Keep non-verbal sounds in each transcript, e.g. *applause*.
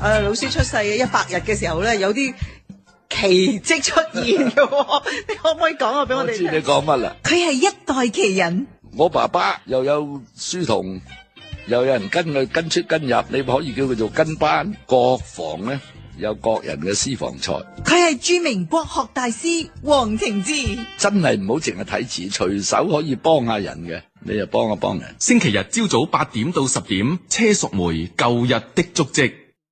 誒，老師出世嘅一百日嘅時候咧，有啲奇蹟出現嘅。你可唔可以講啊？俾我哋知你講乜啦？佢係一代奇人。我爸爸又有書童，又有人跟佢跟出跟入，你可以叫佢做跟班。各房咧有各人嘅私房菜。佢係著名國學大師王亭之。真係唔好淨係睇詞，隨手可以幫下人嘅，你又幫下幫人。星期日朝早八點到十點，車淑梅舊日的足跡。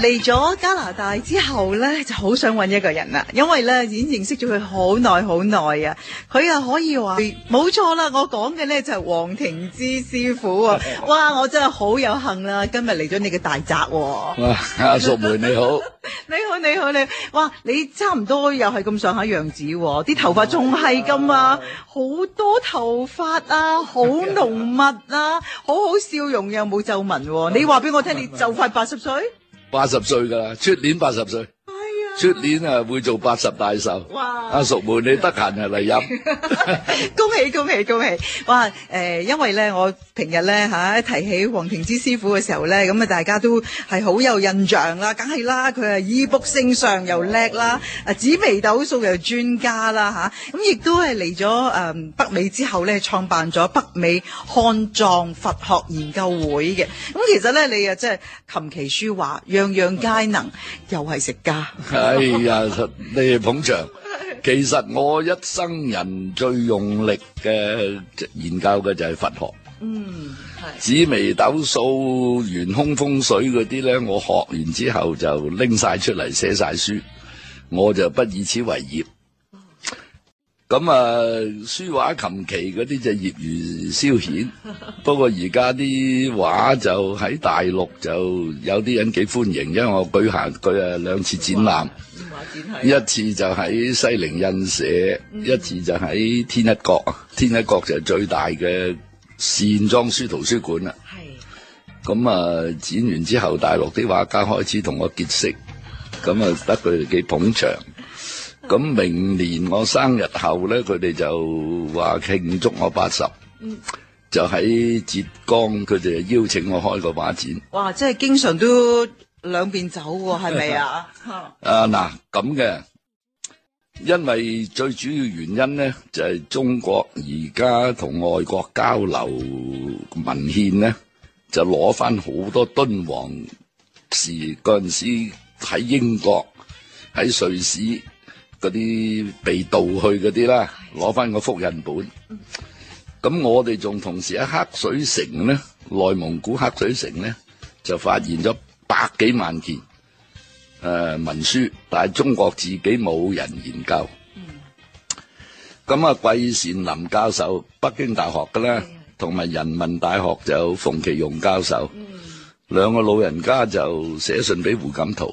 嚟咗加拿大之後呢，就好想揾一個人啦，因為呢，已經認識咗佢好耐好耐啊！佢又可以話冇錯啦，我講嘅呢，就係王亭之師傅喎！哇，我真係好有幸啦，今日嚟咗你嘅大宅喎！阿淑梅，你好， *laughs* 你好你好你，好你好，哇！你差唔多又係咁上下樣子喎，啲頭髮仲係咁啊，好多頭髮啊，好濃密啊，好 *laughs* 好笑容又冇皺紋喎！你話俾我聽，你就快八十歲？八十歲噶啦，出年八十歲。出年啊，會做八十大壽。哇！阿、啊、淑陪你得閒嚟飲。恭 *laughs* 喜 *laughs* 恭喜恭喜！哇！誒、呃，因為咧，我平日咧嚇、啊、提起王亭之師傅嘅時候咧，咁、嗯、啊，大家都係好有印象啦。梗係啦，佢啊醫卜星相又叻啦，啊紫微斗數又專家啦嚇。咁、啊、亦、嗯、都係嚟咗誒北美之後咧，創辦咗北美漢藏佛學研究會嘅。咁、嗯、其實咧，你啊真係琴棋書畫樣，樣樣皆能， *laughs* 又係食家。 *laughs* 哎呀，你捧場。其實我一生人最用力嘅研究嘅就係佛學。嗯，紫微斗數、玄空風水啲咧，我學完之後就拎晒出嚟寫晒書，我就不以此為業。咁啊、嗯，書畫琴棋嗰啲就業餘消遣。 *laughs* 不過而家啲畫就喺大陸就有啲人幾歡迎，因為我舉行佢啊兩次展覽，展一次就喺西泠印社，嗯、一次就喺天一閣，天一閣就係最大嘅線裝書圖書館啦。係是。咁啊、嗯，展完之後，大陸啲畫家開始同我結識，咁啊是、嗯、得佢哋幾捧場。咁明年我生日後咧，佢哋就話慶祝我八十，嗯，就喺浙江，佢哋就邀請我開個畫展。哇！即係經常都兩邊走喎，係咪啊？啊嗱咁嘅，因為最主要原因咧，就係中國而家同外國交流文獻咧，就攞翻好多敦煌事嗰陣時喺英國喺瑞士。嗰啲被盜去嗰啲啦，攞翻個複印本。咁我哋仲同時喺黑水城咧，內蒙古黑水城咧，就發現咗百幾萬件誒文書，但係中國自己冇人研究。咁啊，季羨林教授，北京大學嘅咧，同埋人民大學就馮其庸教授，兩個老人家就寫信俾胡錦濤。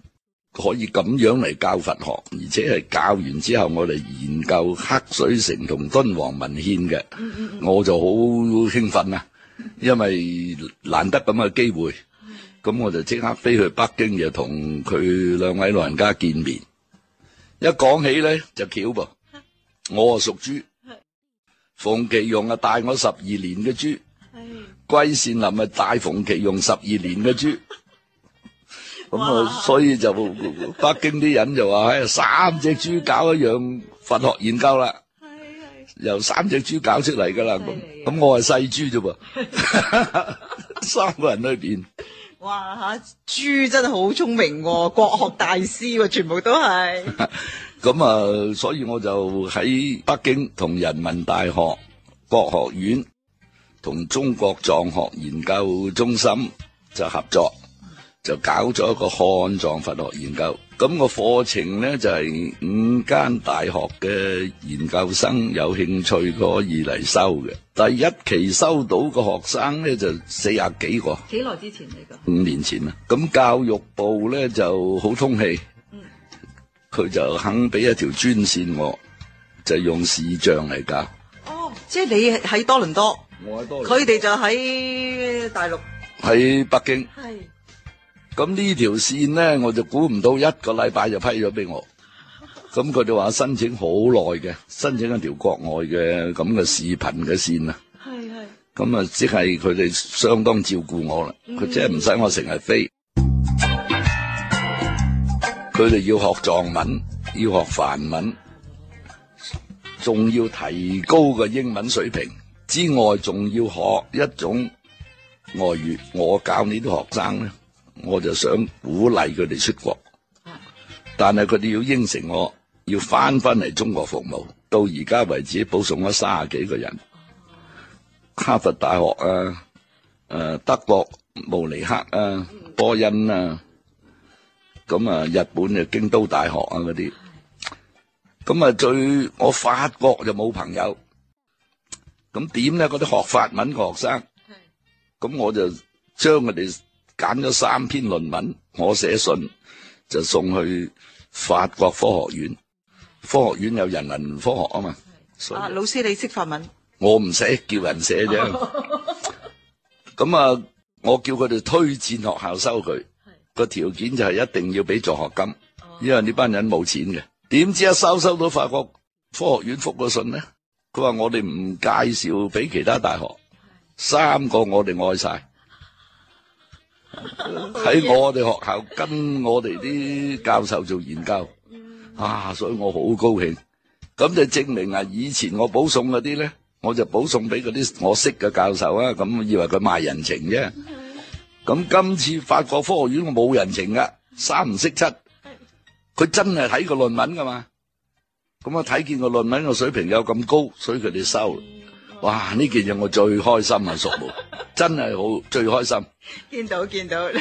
可以咁樣嚟教佛學，而且係教完之後我嚟研究黑水城同敦煌文獻嘅，我就好興奮啊！因為難得咁嘅機會，咁我就即刻飛去北京就同佢兩位老人家見面。一講起咧就巧噃，我啊屬豬，馮其庸啊大我十二年嘅豬，季羨林啊大馮其庸十二年嘅豬。咁啊，所以就北京啲人就話，誒，三隻豬搞一樣佛學研究啦。係係。由三隻豬搞出嚟噶啦，咁我係細豬啫噃。三個人裏邊。哇吓，豬真係好聰明，國學大師，全部都係。咁啊，所以我就喺北京同人民大學國學院同中國藏學研究中心就合作。就搞咗一個漢藏佛學研究，咁、那個課程咧就係、是、五間大學嘅研究生有興趣可以嚟收嘅。第一期收到個學生咧就四十幾個。幾耐之前嚟噶？五年前啦。咁教育部咧就好通氣，嗯，佢就肯俾一條專線我，就用視像嚟教。哦，即係你喺多倫多，我喺多倫多，佢哋就喺大陸，喺北京，係。咁呢條線咧，我就估唔到一個禮拜就批咗俾我。咁佢哋話申請好耐嘅，申請一條國外嘅咁嘅視頻嘅線啊。係係。咁啊，即係佢哋相當照顧我啦。佢、嗯、即係唔使我成日飛。佢哋、嗯、要學藏文，要學梵文，仲要提高個英文水平之外，仲要學一種外語。我教呢啲學生咧。我就想鼓勵佢哋出國，但係佢哋要應承我，要翻翻嚟中國服務。到而家為止，保送咗三十幾個人，哈佛大學啊，誒德國慕尼黑啊、波恩啊，咁啊日本就京都大學啊嗰啲，咁啊最我法國就冇朋友，咁點咧？嗰啲學法文嘅學生，咁我就將佢哋。揀咗三篇論文，我寫信就送去法國科學院。科學院有人文科學啊嘛。啊老師你識法文？我唔寫，叫人寫嘅，咁啊我叫佢哋推薦學校收佢，個條件就係一定要俾助學金，因為呢班人冇錢嘅。點知一收收到法國科學院覆個信呢，佢話我哋唔介紹俾其他大學，三個我哋愛晒。喺我哋學校跟我哋啲教授做研究啊，所以我好高興。咁就證明啊，以前我保送嗰啲咧，我就保送俾嗰啲我識嘅教授啊。咁以為佢賣人情啫。咁今次法國科學院我冇人情噶，三唔識七，佢真係睇個論文噶嘛。咁啊睇見個論文個水平有咁高，所以佢哋收。哇！呢件嘢我最開心啊，叔母，真係好最開心。見到見到你，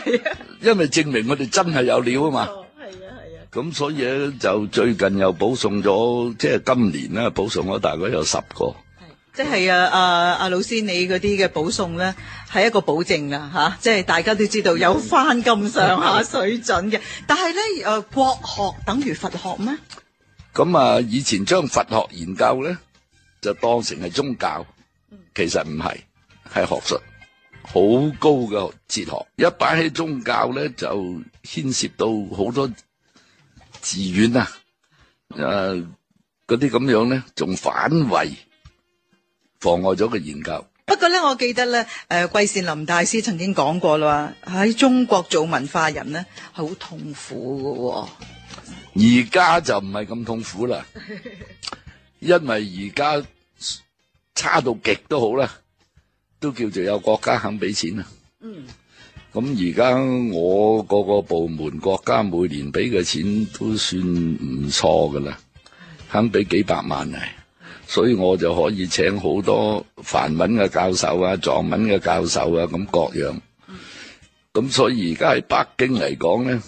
因為證明我哋真係有料啊嘛。係啊，係啊。咁所以咧，就最近又保送咗，即係今年咧保送咗大概有十個。係，即係啊啊阿老師你嗰啲嘅保送咧，係一個保證啦，吓，即係大家都知道有翻咁上下水準嘅。但係咧，誒，國學等於佛學咩？咁啊，以前將佛學研究咧。就當成係宗教，其實唔係，係學術，好高嘅哲學。一擺起宗教咧，就牽涉到好多寺院啊，誒、呃，嗰啲咁樣咧，仲反為，妨礙咗個研究。不過咧，我記得咧，誒、呃，季羨林大師曾經講過啦，喺中國做文化人咧，係好痛苦噶、哦。而家就唔係咁痛苦啦。 *laughs* 因為而家差到極都好啦，都叫做有國家肯俾錢啊。嗯。咁而家我個個部門國家每年俾嘅錢都算唔錯嘅啦，肯俾幾百萬啊。所以我就可以請好多梵文嘅教授啊、藏文嘅教授啊咁各樣。嗯。咁所以而家喺北京嚟講咧，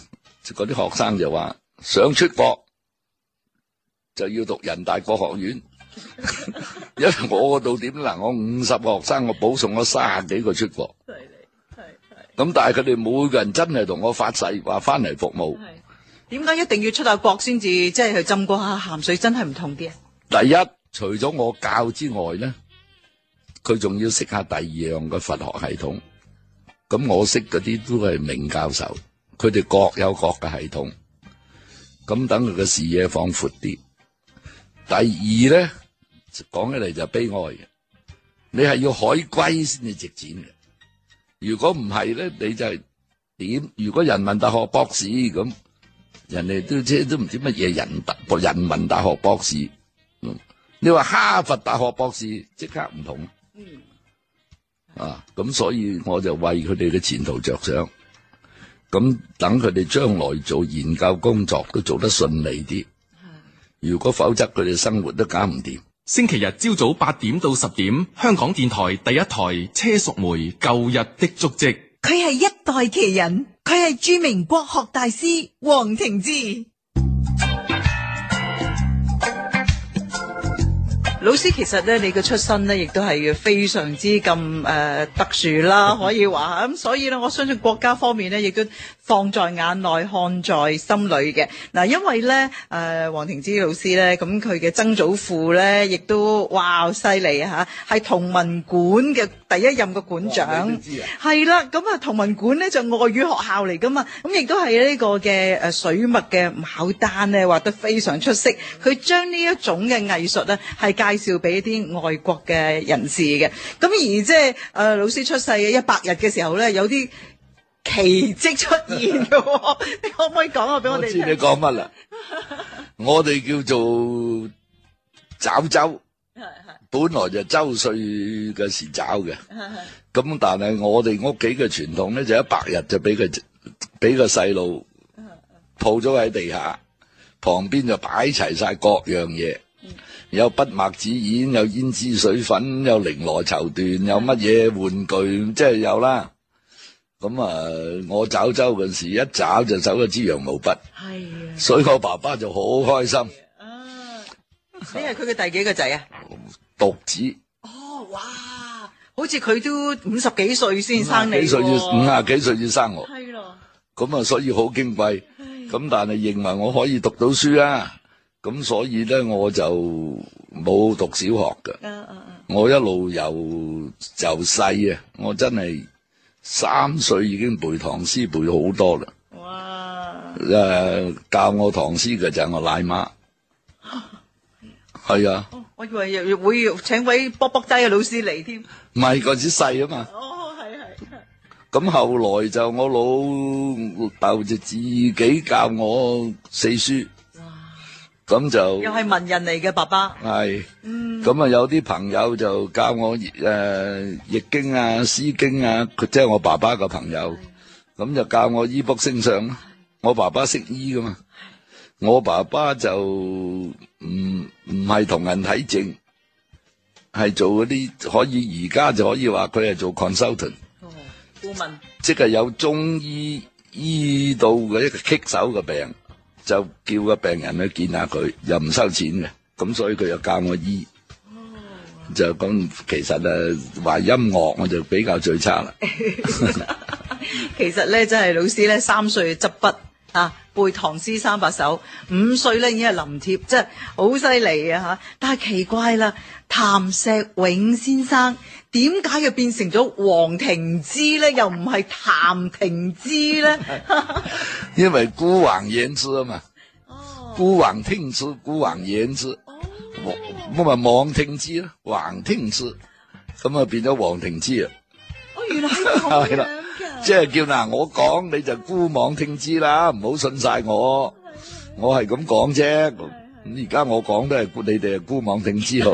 就嗰啲學生就話想出國。就要讀人大國學院，因為我個度點嗱？我五十個學生，我保送我卅幾個出國，係係咁，但係佢哋每個人真係同我發誓話翻嚟服務。點解一定要出下國先至，即係去浸過下鹹水，真係唔同啲？第一，除咗我教之外咧，佢仲要識下第二樣嘅佛學系統。咁我識嗰啲都係名教授，佢哋各有各嘅系統。咁等佢嘅視野放闊啲。第二咧，講起嚟，就悲哀嘅。你係要海歸先至值錢嘅如果唔係咧，你就係點？如果人民大學博士咁，人哋都即係都唔知乜嘢人大人民大學博士。嗯，你話哈佛大學博士即刻唔同。嗯。啊，咁所以我就為佢哋嘅前途着想，咁等佢哋將來做研究工作都做得順利啲。如果否則，佢哋生活都搞唔掂。星期日朝早八點到十點，香港電台第一台車淑梅《舊日的足跡》。佢係一代奇人，佢係著名國學大師王亭之。老師，其實咧，你嘅出身呢亦都係非常之咁誒、呃、特殊啦，可以話。咁 *laughs* 所以呢，我相信國家方面呢亦都。放在眼內看在心裏嘅嗱，因為咧，誒、呃，王亭之老師咧，咁佢嘅曾祖父咧，亦都哇犀利啊吓，係同文館嘅第一任嘅館長。知啊，係啦，咁、嗯、啊，同文館咧就外、是、語學校嚟噶嘛，咁亦都係呢個嘅誒水墨嘅牡丹咧畫得非常出色。佢將呢一種嘅藝術咧係介紹俾啲外國嘅人士嘅。咁、嗯、而即係誒，老師出世嘅一百日嘅時候咧，有啲。奇蹟出現嘅，你可唔可以講下俾我哋知你講乜啦？我哋叫做抓周，本來就周歲嘅時抓嘅。咁但係我哋屋企嘅傳統咧，就一百日就俾佢俾個細路抱咗喺地下，旁邊就擺齊晒各樣嘢，有筆墨紙硯，有胭脂水粉，有綾羅綢緞，有乜嘢玩具，即係有啦。咁啊！我找周嗰陣時，一找就找咗支羊毛筆，所以我爸爸就好開心。啊！你係佢嘅第幾個仔啊？獨子。哦，哇！好似佢都五十幾歲先生你，幾歲要？五十幾歲要生我？係咯。咁啊，所以好矜貴。咁但係認為我可以讀到書啊，咁所以咧我就冇讀小學㗎。嗯嗯嗯。我一路由由細啊，我真係。三歲已經背唐詩，背咗好多啦。哇！誒、呃，教我唐詩嘅就係我奶媽，係啊，啊、哦。我以為會請位卜卜齋嘅老師嚟添，唔係嗰時細啊嘛。哦，係係。咁、嗯、後來就我老豆就自己教我四書。咁就又係文人嚟嘅，爸爸係，嗯，咁啊，有啲朋友就教我誒易經啊、詩經啊，即係我爸爸個朋友，咁就教我醫卜星相。我爸爸識醫噶嘛，我爸爸就唔唔係同人睇症，係做嗰啲可以而家就可以話佢係做 consultant，顧問，即係有中醫醫到嘅一個棘手嘅病。就叫個病人去見下佢，又唔收錢嘅，咁所以佢又教我醫，oh. 就咁。其實啊，話音樂我就比較最差啦。 *laughs* *laughs* 其實咧，真係老師咧，三歲執筆啊。背唐詩三百首，五歲咧已經係臨帖，即係好犀利啊吓！但係奇怪啦，譚錫永先生點解又變成咗王亭之咧？又唔係譚亭之咧？ *laughs* 因為姑妄言之啊嘛，姑妄聽之，姑妄言之，咁啊妄聽之啦，妄、oh. 聽之，咁啊變咗王亭之啊！哦，原來係咁 *laughs* 即係叫嗱，我講你就姑妄聽之啦，唔好信晒我，我係咁講啫。咁而家我講都係，你哋啊姑妄聽之好。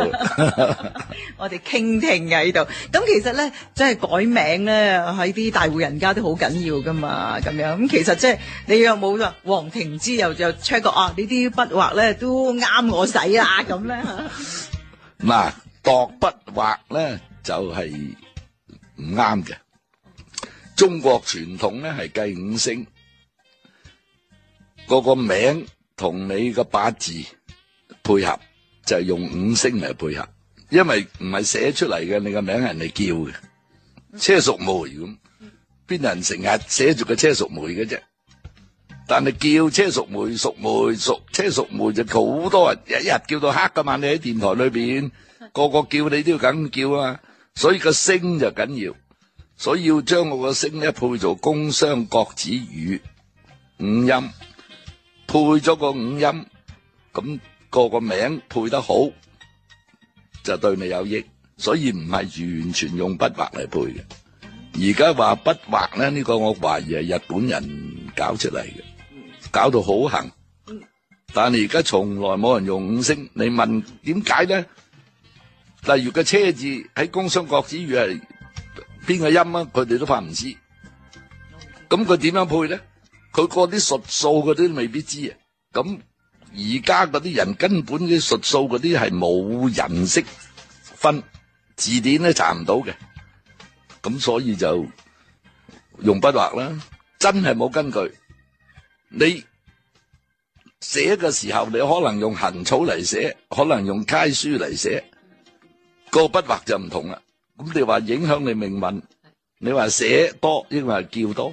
*laughs* *laughs* 我哋傾聽啊喺度。咁其實咧，即係改名咧，喺啲大戶人家都好緊要噶嘛。咁樣咁其實即係你又冇話王亭之又又 check 過啊，筆呢啲筆畫咧都啱我使啦咁咧。嗱，度筆畫咧就係唔啱嘅。中國傳統咧係計五星，嗰個名同你個八字配合，就係用五星嚟配合。因為唔係寫出嚟嘅，你個名係人哋叫嘅，車淑梅咁，邊人成日寫住個車淑梅嘅啫？但係叫車淑梅、淑梅、淑車淑梅就好多人一日叫到黑噶嘛？你喺電台裏邊，個個叫你都要咁叫啊，所以個星就緊要。所以要將我個聲咧配做工商國子語五音，配咗個五音，咁個個名配得好就對你有益。所以唔係完全用筆畫嚟配嘅。而家話筆畫咧，呢個我懷疑係日本人搞出嚟嘅，搞到好行。但係而家從來冇人用五聲，你問點解咧？例如個車字喺工商國子語係邊個音啊？佢哋都發唔知，咁佢點樣配咧？佢嗰啲術數嗰啲未必知啊！咁而家嗰啲人根本啲術數嗰啲係冇人識分，字典都查唔到嘅。咁所以就用筆畫啦，真係冇根據。你寫嘅時候，你可能用行草嚟寫，可能用楷書嚟寫，個筆畫就唔同啦。咁你話影響你命運？你話寫多，抑或叫多。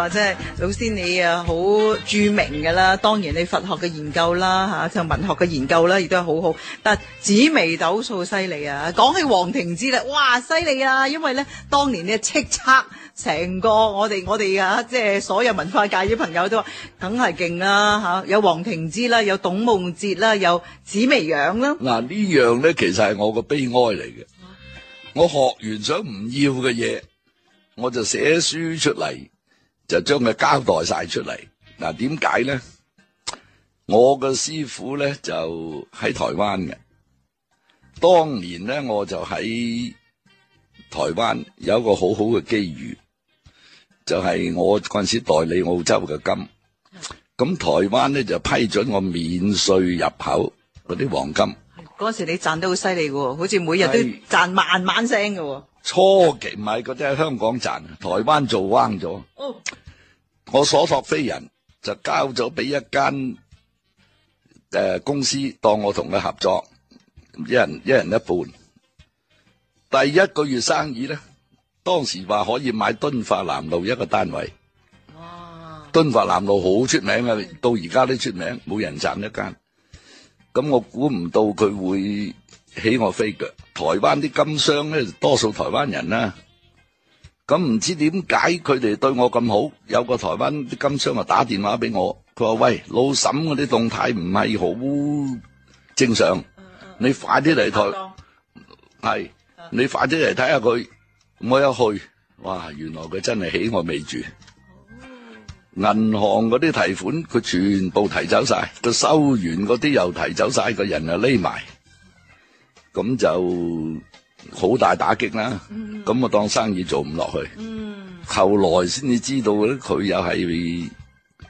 話即係老師你啊好著名嘅啦。當然你佛學嘅研究啦吓，就文學嘅研究啦，亦都係好好。但紫微斗數犀利啊！講起王亭之啦，哇犀利啊！因為咧當年呢，叱咤成個我哋我哋啊，即係所有文化界啲朋友都話，梗係勁啦吓。有王亭之啦，有董夢哲啦，有紫薇楊啦。嗱呢樣咧，其實係我個悲哀嚟嘅。我學完想唔要嘅嘢，我就寫書出嚟。就將佢交代晒出嚟。嗱、啊，點解咧？我個師傅咧就喺台灣嘅。當年咧，我就喺台灣有一個好好嘅機遇，就係、是、我嗰陣時代理澳洲嘅金。咁台灣咧就批准我免稅入口嗰啲黃金。嗰時你賺得好犀利嘅，好似每日都賺萬萬聲嘅。初期唔係，嗰啲喺香港賺，台灣做彎咗。我所託非人，就交咗俾一間誒公司，當我同佢合作，一人一人一半。第一個月生意咧，當時話可以買敦化南路一個單位。哇！敦化南路好出名呀，到而家都出名，冇人賺一間。咁我估唔到佢會起我飛腳。台灣啲金商咧，多數台灣人啦。咁唔知點解佢哋對我咁好？有個台灣啲金商啊，打電話俾我，佢話：喂，老沈嗰啲動態唔係好正常，你快啲嚟台，係你快啲嚟睇下佢。我一去，哇，原來佢真係起我未住。銀行嗰啲提款，佢全部提走晒，佢收完嗰啲又提走晒，個人又匿埋，咁就好大打擊啦。咁啊，當生意做唔落去。嗯，後來先至知道咧，佢又係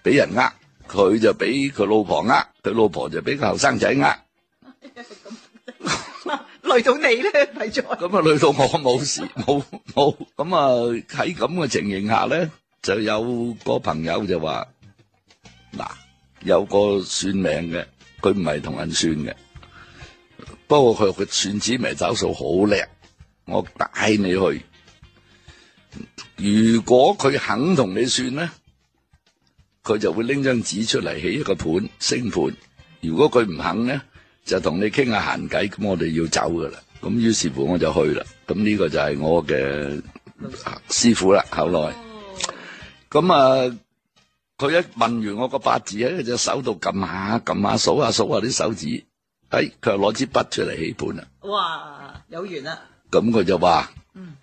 俾人呃，佢就俾佢老婆呃，佢老婆就俾個後生仔呃，累到你咧，咪再咁啊，累到我冇事，冇冇咁啊，喺咁嘅情形下咧。就有個朋友就話嗱，有個算命嘅，佢唔係同人算嘅，不過佢佢算紫微斗數好叻。我帶你去，如果佢肯同你算咧，佢就會拎張紙出嚟，起一個盤星盤。如果佢唔肯咧，就同你傾下閒偈，咁我哋要走噶啦。咁於是乎我就去啦。咁呢個就係我嘅師傅啦。後來。咁啊，佢一問完我個八字咧，就手度撳下撳下數下數下啲手指，誒佢又攞支筆出嚟起盤啦。哇，有緣啦！咁佢就話：，嗯，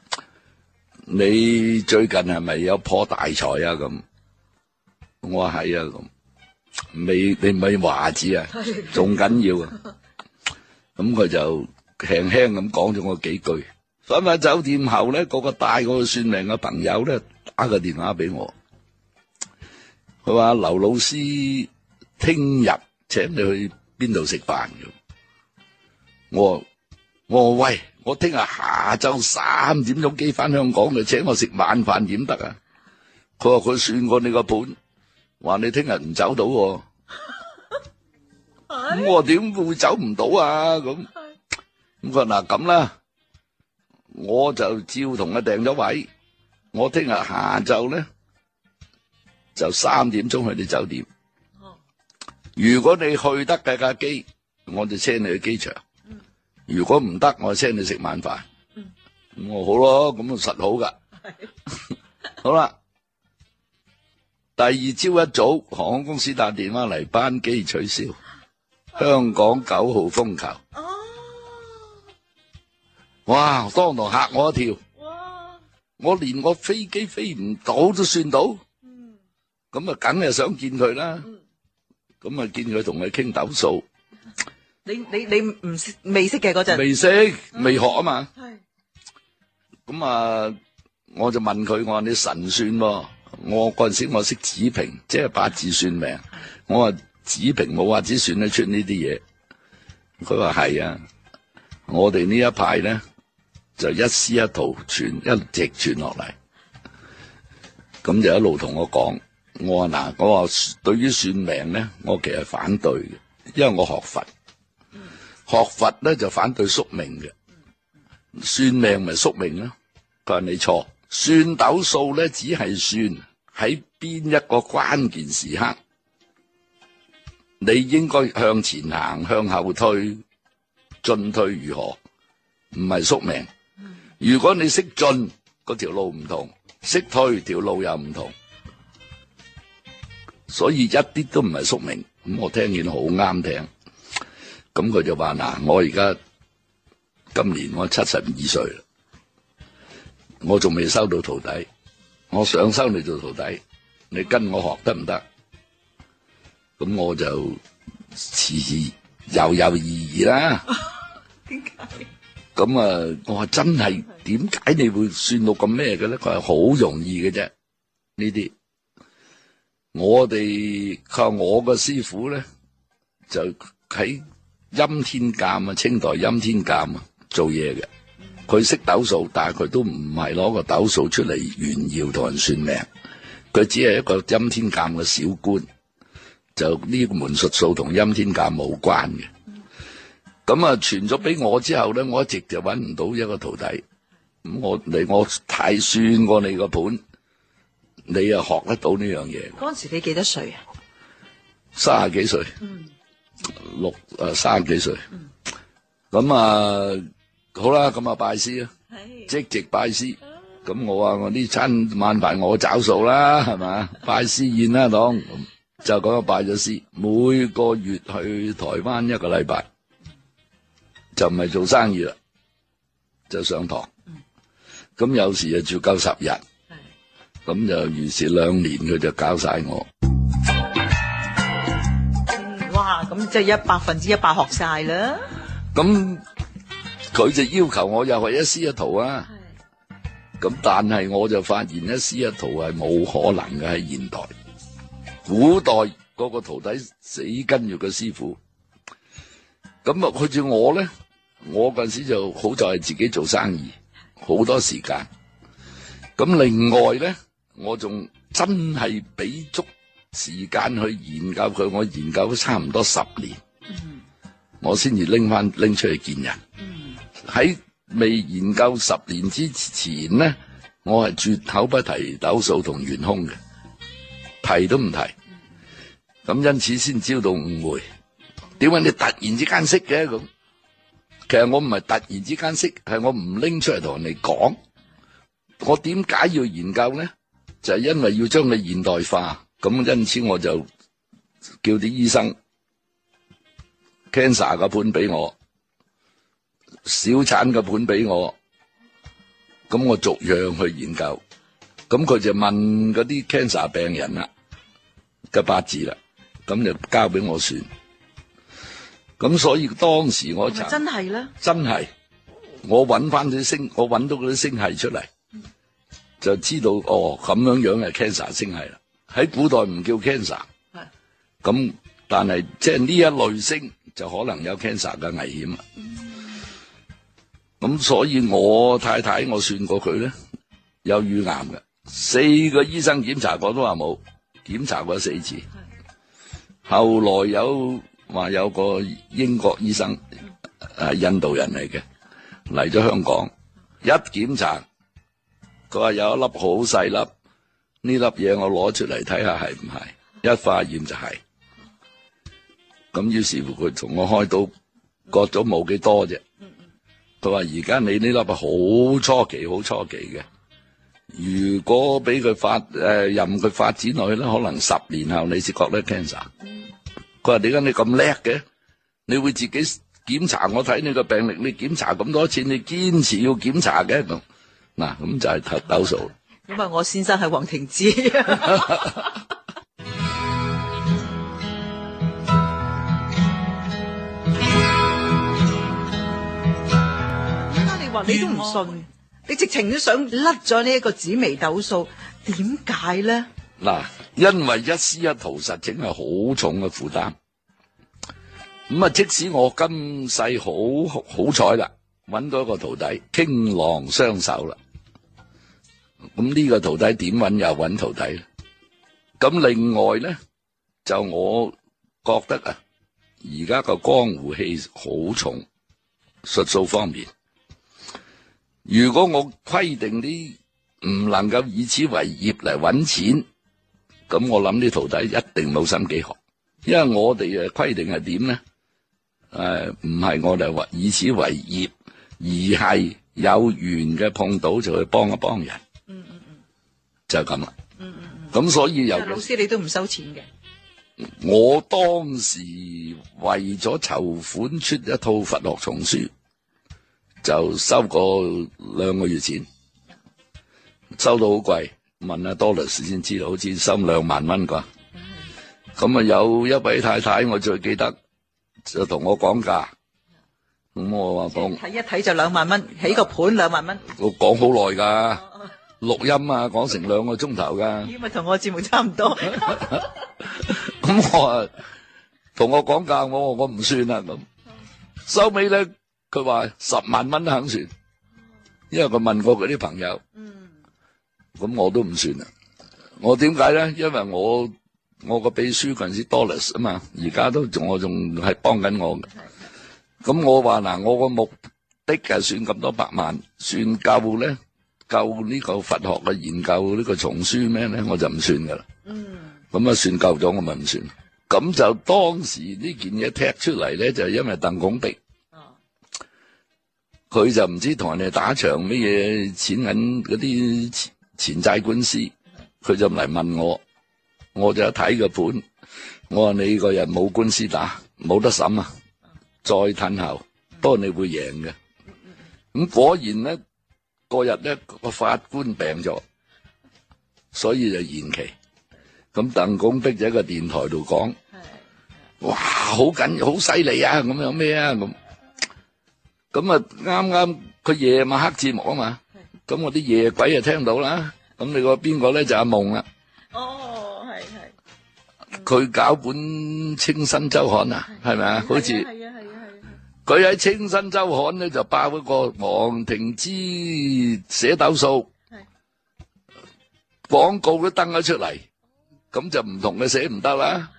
你最近係咪有破大財啊？咁，我話係啊，咁未？你唔係話子啊？係，仲緊要啊！咁佢就輕輕咁講咗我幾句。翻返酒店後咧，嗰個帶我去算命嘅朋友咧，打個電話俾我。佢話，劉老師聽日請你去邊度食飯。咁，我我喂，我聽日下晝三點鐘機翻香港，佢請我食晚飯點得啊？佢話佢算過你個盤，話你聽日唔走到，咁我點會走唔到啊？咁咁佢嗱咁啦，我就照同佢訂咗位，我聽日下晝咧，就三點鐘去你酒店。哦，如果你去得嘅架機，我就請你去機場。嗯，如果唔得，我請你食晚飯。嗯，咁我好咯，咁啊實好噶。的 *laughs* 好啦。第二朝一早，航空公司打電話嚟，班機取消，香港九號風球。哦、啊，哇，當堂吓我一跳。哇，我連個飛機飛唔到都算到。咁啊，梗係想見佢啦。咁啊，見佢同佢傾斗數。你你你唔未識嘅嗰陣？未識，未學啊嘛。係。咁啊，我就問佢：我話你神算。我嗰陣時我識子平，即係八字算命。我話子平冇話只算得出呢啲嘢。佢話係啊。我哋呢一派咧，就一師一徒傳，一直傳落嚟。咁就一路同我講。我嗱，我話對於算命咧，我其實反對嘅，因為我學佛，學佛咧就反對宿命嘅，算命咪宿命咯。佢話你錯，算斗數咧只係算喺邊一個關鍵時刻，你應該向前行，向後退，進退如何？唔係宿命。如果你識進，嗰條路唔同；識退，條路又唔同。所以一啲都唔係宿命，咁我聽見好啱聽，咁佢就話嗱、呃，我而家今年我七十二歲啦，我仲未收到徒弟，我想收你做徒弟，你跟我學得唔得？咁我就似是猶猶疑疑啦，點解 *laughs* 麼？咁啊，我話真係點解你會算到咁咩嘅咧？佢係好容易嘅啫，呢啲。我哋靠我個師傅咧就喺陰天鑑啊，清代陰天鑑啊做嘢嘅。佢識斗數，但係佢都唔係攞個斗數出嚟炫耀同人算命。佢只係一個陰天鑑嘅小官，就呢門術數同陰天鑑冇關嘅。咁啊，傳咗俾我之後咧，我一直就揾唔到一個徒弟。我嚟我太算過你個盤。你又學得到呢樣嘢。嗰時你幾多歲啊？三十幾歲？六誒，三十幾歲？咁啊，好啦，咁啊拜師咯，即刻拜師。咁我啊，我呢餐晚飯我找數啦，係咪？拜師宴啦，當就講拜咗師，每個月去台灣一個禮拜，就唔係做生意啦，就上堂。咁有時就住夠十日。咁就完事兩年佢就教晒我，哇！咁即係一百分之一百學晒啦。咁佢就要求我又係一師一徒啊。咁但係我就發現一師一徒係冇可能嘅喺現代，古代嗰個徒弟死跟住個師傅，咁啊佢住我咧，我嗰時就好在係自己做生意，好多時間。咁另外咧。我仲真係俾足時間去研究佢，我研究咗差唔多十年，我先至拎翻拎出去見人。喺未研究十年之前咧，我係絕口不提斗數同玄空嘅，提都唔提。咁因此先招到誤會，點解你突然之間識嘅咁？其實我唔係突然之間識，係我唔拎出嚟同人哋講。我點解要研究咧？就係因為要將佢現代化，咁因此我就叫啲醫生 cancer 個盤俾我，小產個盤俾我，咁我逐樣去研究，咁佢就問嗰啲 cancer 病人啦嘅八字啦，咁就交俾我算，咁所以當時我就真係咧，真係我揾翻佢星，我揾到佢啲星係出嚟。就知道哦咁樣樣嘅 cancer 症係啦，喺古代唔叫 cancer，咁的但係即係呢一類症就可能有 cancer 嘅危險啦。咁、嗯、所以我太太我算過佢咧有乳癌嘅，四個醫生檢查過都話冇，檢查過四次，後來有話有個英國醫生係、啊、印度人嚟嘅，嚟咗香港一檢查。佢話有一粒好細粒呢粒嘢，我攞出嚟睇下係唔係？一化驗就係。咁於是乎佢同我開到割咗冇幾多啫。佢話：而家你呢粒係好初期，好初期嘅。如果俾佢發誒任佢發展落去咧，可能十年後你先覺得 cancer。佢話：點解你咁叻嘅？你會自己檢查？我睇你個病歷，你檢查咁多次，你堅持要檢查嘅。嗱，咁就係斗數。咁啊，我先生係王亭之。而家你話你都唔信，你直情都想甩咗呢一個紫微斗數，點解咧？嗱，因為一師一徒實情係好重嘅負擔。咁啊，即使我今世好好彩啦，揾到一個徒弟，傾囊相授啦。咁呢個徒弟點揾又揾徒弟咧？咁另外咧，就我覺得啊，而家個江湖氣好重，術數方面，如果我規定啲唔能夠以此為業嚟揾錢，咁我諗啲徒弟一定冇心機學，因為我哋嘅規定係點咧？誒、呃，唔係我哋話以此為業，而係有緣嘅碰到就去幫一幫人。就係咁啦，嗯，嗯，咁所以由老師你都唔收錢嘅。我當時為咗籌款出一套佛學叢書，就收過兩個月錢，收到好貴，問阿多律師先知道，好似收兩萬蚊啩。咁啊有一位太太，我最記得就同我講價，咁我話，講睇一睇就兩萬蚊，起個盤兩萬蚊，我講好耐噶。錄音啊，講成兩個鐘頭噶，因為同我節目差唔多。咁我啊，同我講價，我我唔算啦咁。收尾咧，佢話十萬蚊都肯算，因為佢問過佢啲朋友。嗯，咁我都唔算啦。我點解咧？因為我我個秘書嗰陣時 dollars 啊嘛，而家都仲我仲係幫緊我。咁我話嗱，我個目的係算咁多百萬，算夠咧。救呢個佛學嘅研究呢個叢書咩咧？我就唔算噶啦。嗯，咁啊算夠咗，我咪唔算。咁就當時呢件嘢踢出嚟咧，就因為鄧廣碧，哦，佢就唔知同人哋打場乜嘢錢銀嗰啲錢錢債官司，佢就嚟問我，我就睇個盤，我話你個人冇官司打，冇得審啊，再褪後，不過你會贏嘅。咁果然咧。個日咧個法官病咗，所以就延期。咁鄧公逼就喺個電台度講，哇，好緊要，好犀利啊！咁有咩啊？咁咁啊，啱啱佢夜晚黑節目啊嘛，咁我啲夜鬼就聽到啦。咁你個邊個咧就阿蒙啦？哦，係係，佢搞本《清新周刊》啊，係咪啊？好似。佢喺《清新周刊》呢咧就爆嗰個王亭之寫斗數，係廣告都登咗出嚟，咁就唔同佢寫唔得啦。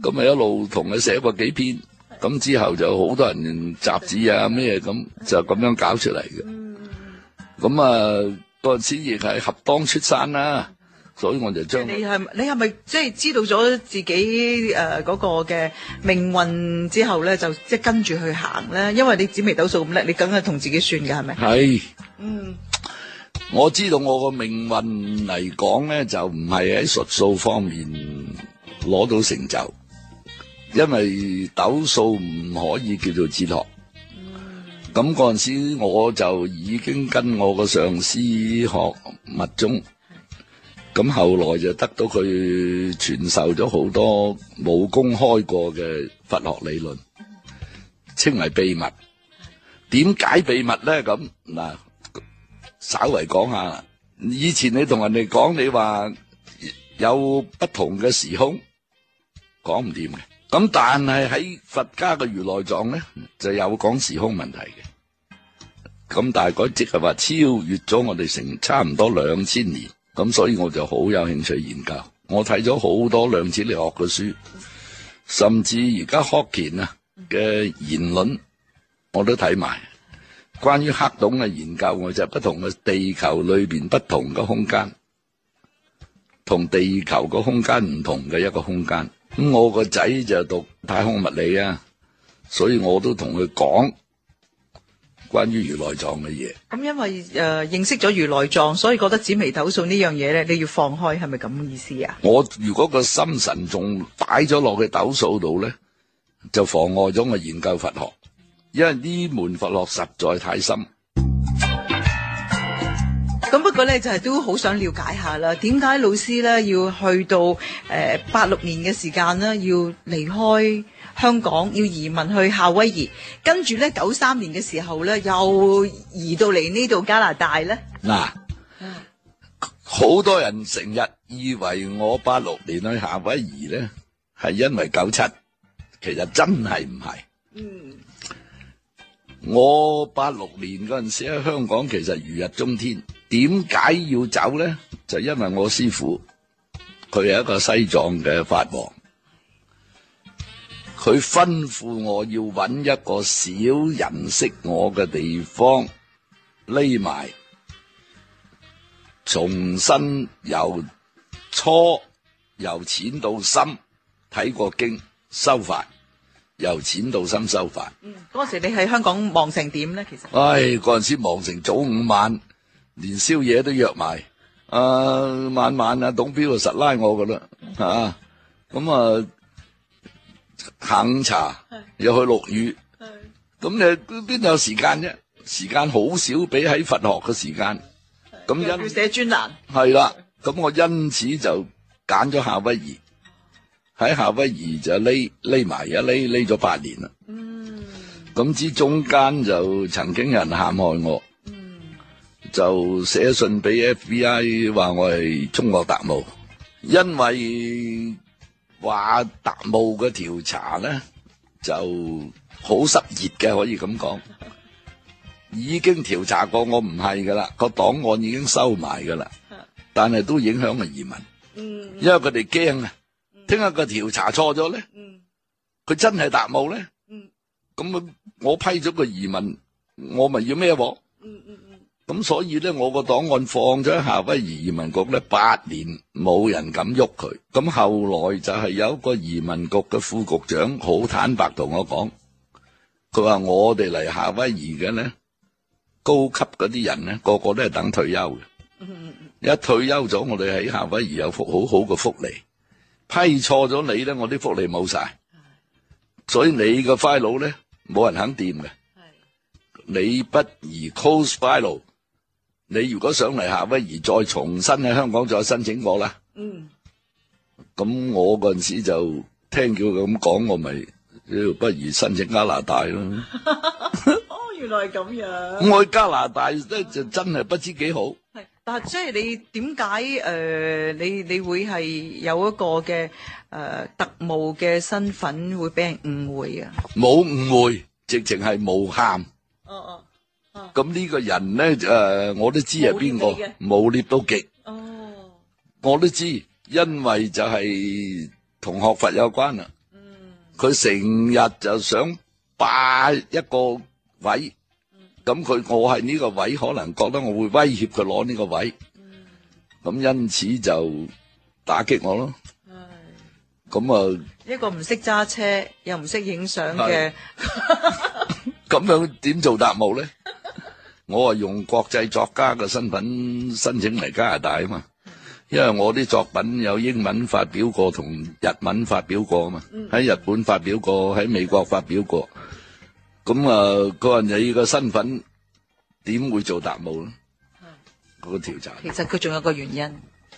咁咪一路同佢寫過幾篇，咁之後就好多人雜誌啊咩咁就咁樣搞出嚟嘅。咁啊嗰陣時亦係合當出山啦。所以我就將你係你係咪即係知道咗自己誒嗰個嘅命運之後咧，就即係跟住去行咧？因為你紫微斗數咁叻，你梗係同自己算嘅係咪？係，嗯，我知道我個命運嚟講咧，就唔係喺術數方面攞到成就，因為斗數唔可以叫做哲學。咁嗰陣時我就已經跟我個上司學密宗。咁後來就得到佢傳授咗好多冇公開過嘅佛學理論，稱為秘密。點解秘密咧？咁嗱，稍微講下。以前你同人哋講，你話有不同嘅時空，講唔掂嘅。咁但係喺佛家嘅如來藏咧，就有講時空問題嘅。咁大概即係話超越咗我哋成差唔多兩千年。咁所以我就好有興趣研究，我睇咗好多量子力學嘅書，甚至而家霍金啊，嘅言論我都睇埋。關於黑洞嘅研究，我就是、不同嘅地球裏邊不同嘅空間，同地球個空間唔同嘅一個空間。咁我個仔就讀太空物理啊，所以我都同佢講。關於如來藏嘅嘢，咁因為誒認識咗如來藏，所以覺得紫微斗數呢樣嘢咧，你要放開，係咪咁意思啊？我如果個心神仲擺咗落去斗數度咧，就妨礙咗我研究佛學，因為呢門佛學實在太深。咁不過咧，就係都好想了解下啦，點解老師咧要去到誒八六年嘅時間咧，要離開？香港要移民去夏威夷，跟住咧九三年嘅時候咧，又移到嚟呢度加拿大咧。嗱，好多人成日以為我八六年去夏威夷咧，係因為九七，其實真係唔係。嗯，我八六年嗰陣時喺香港，其實如日中天。點解要走咧？就因為我師父，佢係一個西藏嘅法王。佢吩咐我要揾一個少人識我嘅地方匿埋，重新由初由淺到深睇過經修法，由淺到深修法。嗯，嗰陣時你喺香港忙成點咧？其實，唉，嗰陣時忙成早午晚，連宵夜都約埋。啊，晚晚啊，董彪就，實拉我噶啦，啊，咁啊。下午茶又去落雨，咁你邊度有時間啫？時間好少俾喺佛學嘅時間，咁因要寫專欄係啦。咁我因此就揀咗夏威夷，喺夏威夷就匿匿埋一匿匿咗八年啦。嗯，咁之中間就曾經有人陷害我，就寫信俾 FBI 話我係中國特務，因為。話達慕嘅調查咧就好濕熱嘅，可以咁講。已經調查過我，我唔係噶啦，個檔案已經收埋噶啦。但係都影響個移民，因為佢哋驚啊，聽下個調查錯咗咧，佢真係達慕咧，咁我批咗個移民，我咪要咩鑊？咁所以咧，我個檔案放咗喺夏威夷移民局咧，八年冇人敢喐佢。咁後來就係有一個移民局嘅副局長好坦白同我講，佢話我哋嚟夏威夷嘅咧，高級嗰啲人咧，個個都係等退休嘅。一退休咗，我哋喺夏威夷有好好嘅福利。批錯咗你咧，我啲福利冇晒，所以你個 file 咧，冇人肯掂嘅。係，你不如 close file。你如果想嚟，夏威夷再重新喺香港再申請過啦。嗯，咁我嗰陣時就聽佢咁講，我咪不如申請加拿大咯。哦，原來係咁樣。我去加拿大咧，就真係不知幾好。係，但係即係你點解誒？你你會係有一個嘅誒特務嘅身份會俾人誤會啊？冇誤會，直情係誣陷。哦哦。咁呢個人咧，誒，我都知係邊個，武力都極。哦，我都知，因為就係同學佛有關啦。嗯，佢成日就想霸一個位，咁佢我喺呢個位，可能覺得我會威脅佢攞呢個位，咁因此就打擊我咯。係，咁啊，一個唔識揸車又唔識影相嘅，咁樣點做達姆咧？我係用國際作家嘅身份申請嚟加拿大啊嘛，因為我啲作品有英文發表過，同日文發表過啊嘛，喺日本發表過，喺美國發表過，咁啊個人就依個身份點會做達務咧？好挑戰。其實佢仲有個原因，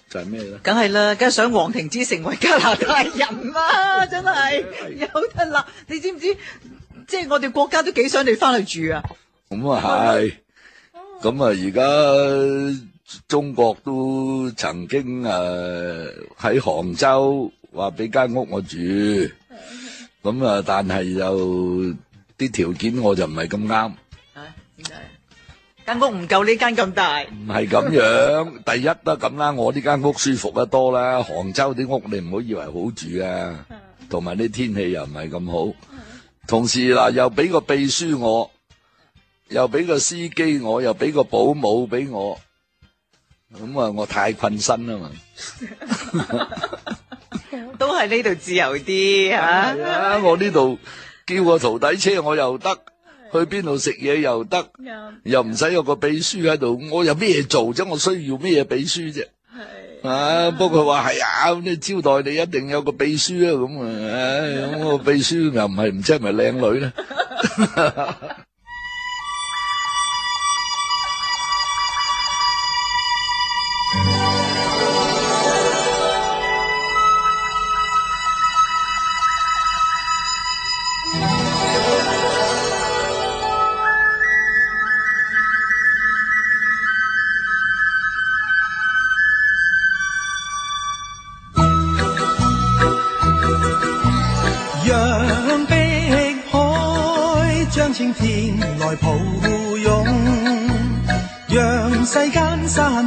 就係咩咧？梗係啦，梗係想王亭之成為加拿大人啦，真係有得諗。你知唔知？即係我哋國家都幾想你翻去住啊？咁啊係。咁啊，而家中國都曾經啊喺杭州話俾間屋我住，咁啊，但係又啲條件我就唔係咁啱。啊，點解？間屋唔夠呢間咁大？唔係咁樣，第一都咁啦，我呢間屋舒服得多啦。杭州啲屋你唔好以為好住啊，同埋啲天氣又唔係咁好。同時嗱，又俾個秘書我。又俾個司機我，又俾個保姆俾我，咁啊，我太困身啦嘛！都係呢度自由啲吓。係啊，我呢度叫個徒弟車我又得，去邊度食嘢又得，又唔使有個秘書喺度。我有咩做啫？我需要咩秘書啫？係啊，不過話係啊，咁你招待你一定有個秘書啊咁啊，咁個秘書又唔係唔知係咪靚女咧？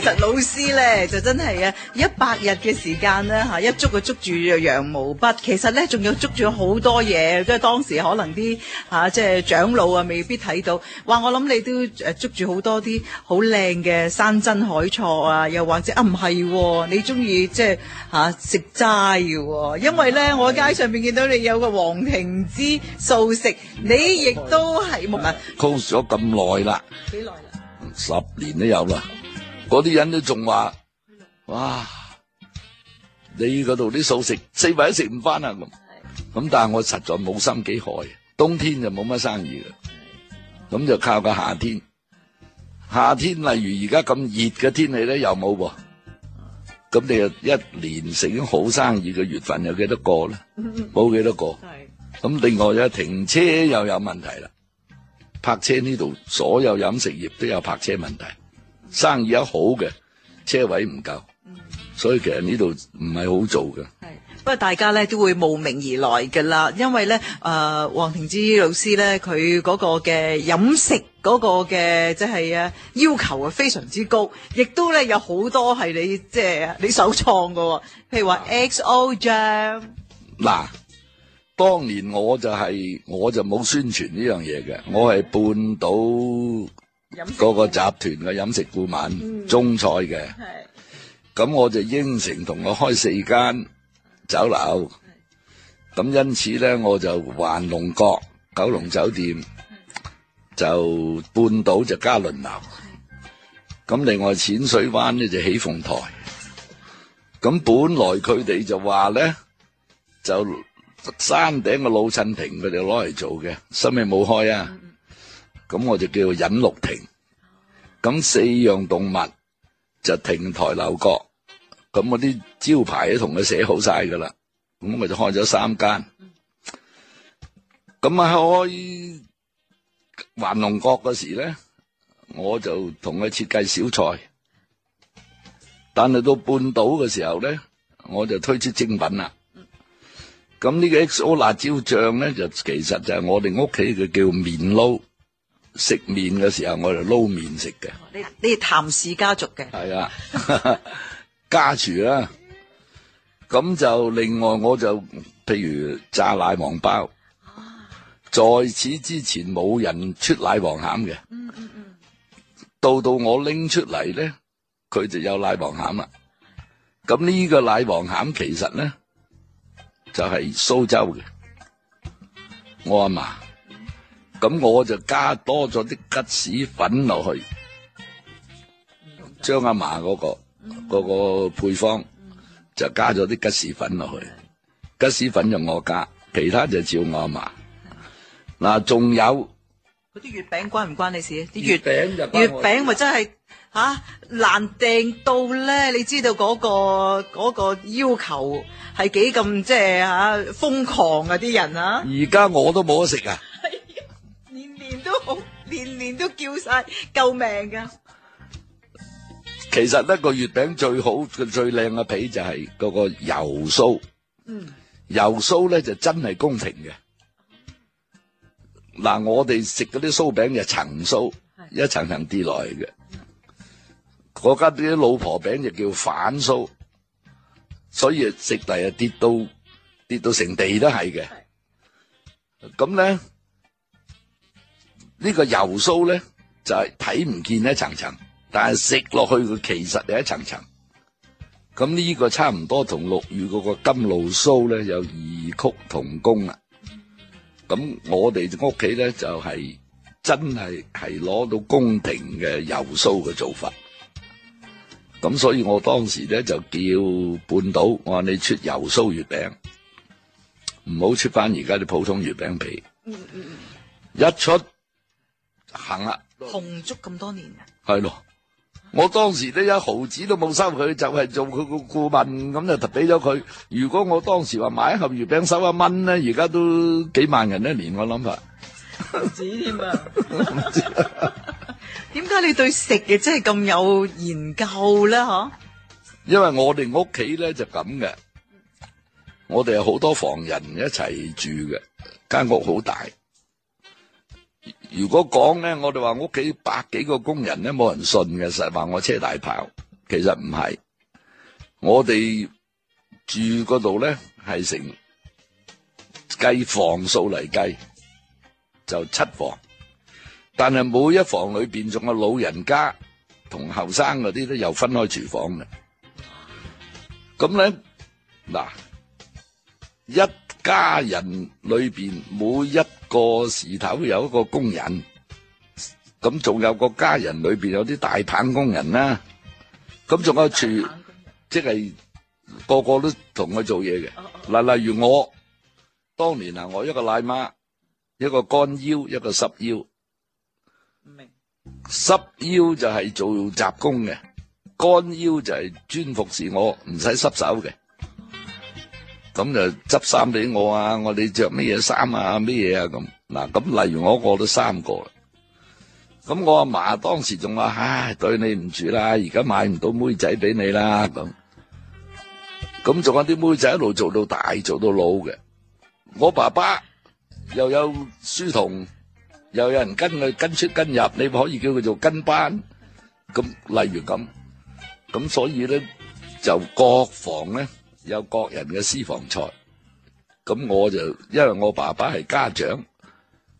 其實老師咧就真係啊，一百日嘅時間啦吓，一捉就捉住羊毛筆，其實咧仲有捉住好多嘢。即係當時可能啲吓即係長老啊，未必睇到。話我諗你都誒捉住好多啲好靚嘅山珍海錯啊，又或者啊唔係，你中意即係吓食齋嘅。因為咧，我喺街上面見到你有個王亭之素食，你亦都係冇啊。控咗咁耐啦，幾耐啦？十年都有啦。嗰啲人都仲話，哇！你度啲素食四圍都食唔翻啊！咁咁的，但係我實在冇心機開，冬天就冇乜生意啦。咁的就靠個夏天，夏天例如而家咁熱嘅天氣咧，又冇噃。咁你又一年食好生意嘅月份有幾多個咧？冇幾 *laughs* 多個。咁的另外又停車又有問題啦，泊車呢度所有飲食業都有泊車問題。生意一好嘅，車位唔夠，嗯、所以其實呢度唔係好做嘅。係不過大家咧都會慕名而來嘅啦，因為咧誒、呃、王亭之老師咧佢嗰個嘅飲食嗰個嘅即係啊要求啊非常之高，亦都咧有好多係你即係、就是、你首創嘅，譬如話 XO 醬。嗱、啊，當年我就係、是、我就冇宣傳呢樣嘢嘅，我係半島個個集團嘅飲食顧問，中菜嘅，咁我就應承同佢開四間酒樓，咁因此咧，我就環龍閣、九龍酒店，就半島就嘉麟樓，咁另外淺水灣咧就起鳳台，咁本來佢哋就話咧，就山頂嘅老襯亭佢哋攞嚟做嘅，收尾冇開啊。咁我就叫引鹿亭，咁四樣動物就亭台樓閣，咁我啲招牌都同佢寫好晒噶啦，咁我就開咗三間。咁啊開環龍閣嗰時咧，我就同佢設計小菜，但係到半島嘅時候咧，我就推出精品啦。咁呢個 XO 辣椒醬咧，就其實就係我哋屋企嘅叫麵撈。食麵嘅時候我就撈麵食嘅。你你係譚氏家族嘅，係 *laughs* 是的 *laughs* 啊，家廚啦。咁就另外我就譬如炸奶黃包，啊、在此之前冇人出奶黃餡嘅，嗯，嗯嗯嗯。到到我拎出嚟咧，佢就有奶黃餡啦。咁呢個奶黃餡其實咧就係、是、蘇州嘅，我阿嫲。咁我就加多咗啲吉士粉落去，將阿嫲嗰個嗰個配方就加咗啲吉士粉落去，吉士粉就我加，其他就照我阿嫲。嗱，仲有嗰啲月餅關唔關你事？啲月餅月餅咪真係吓難訂到咧？你知道嗰個嗰個要求係幾咁即係吓瘋狂啊！啲人啊，而家我都冇得食啊！我年年都叫晒救命噶，其實一個月餅最好嘅最靚嘅皮就係嗰個油酥。嗯，油酥咧就真係公平嘅。嗱，我哋食嗰啲酥餅就層酥，一層層跌落去嘅。嗰間啲老婆餅就叫反酥，所以食嚟啊跌到跌到成地都係嘅。咁咧。呢個油酥咧就係睇唔見一層層，但係食落去佢其實係一層層。咁呢個差唔多同六月嗰個金露酥咧有異曲同工啊！咁我哋屋企咧就係真係係攞到宮廷嘅油酥嘅做法。咁所以我當時咧就叫半島，我話你出油酥月餅，唔好出翻而家啲普通月餅皮。嗯嗯嗯，一出。行啦，紅燭咁多年啊，係咯，我當時都一毫紙，都冇收佢，就係做佢個顧問，咁就俾咗佢。如果我當時話買一盒月餅收一蚊咧，而家都幾萬人一年，我諗法，紙添啊？點解你對食嘅真係咁有研究咧？吓，因為我哋屋企咧就咁嘅，我哋有好多房人一齊住嘅，間屋好大。如果講咧，我哋話屋企百幾個工人咧，冇人信嘅，實話我車大炮，其實唔係，我哋住嗰度咧係成計房數嚟計，就七房，但係每一房裏邊仲有老人家同後生嗰啲都又分開廚房嘅，咁咧嗱一。家人裏邊每一個時頭有一個工人，咁仲有個家人裏邊有啲大棒工人啦，咁仲有廚，即係個個都同佢做嘢嘅。嗱，例如我當年啊，我一個奶媽，一個乾腰，一個濕腰。唔明，濕腰就係做雜工嘅乾腰就係專服侍我，唔使濕手嘅。咁就執衫俾我啊！我哋着乜嘢衫啊？乜嘢啊？咁嗱，咁例如我個都三個，咁我阿嫲當時仲話：唉，對你唔住啦，而家買唔到妹仔俾你啦。咁咁仲有啲妹仔一路做到大，做到老嘅。我爸爸又有書童，又有人跟佢跟出跟入，你可以叫佢做跟班。咁例如咁，咁所以咧就各房咧。有各人嘅私房菜，咁我就因為我爸爸係家長，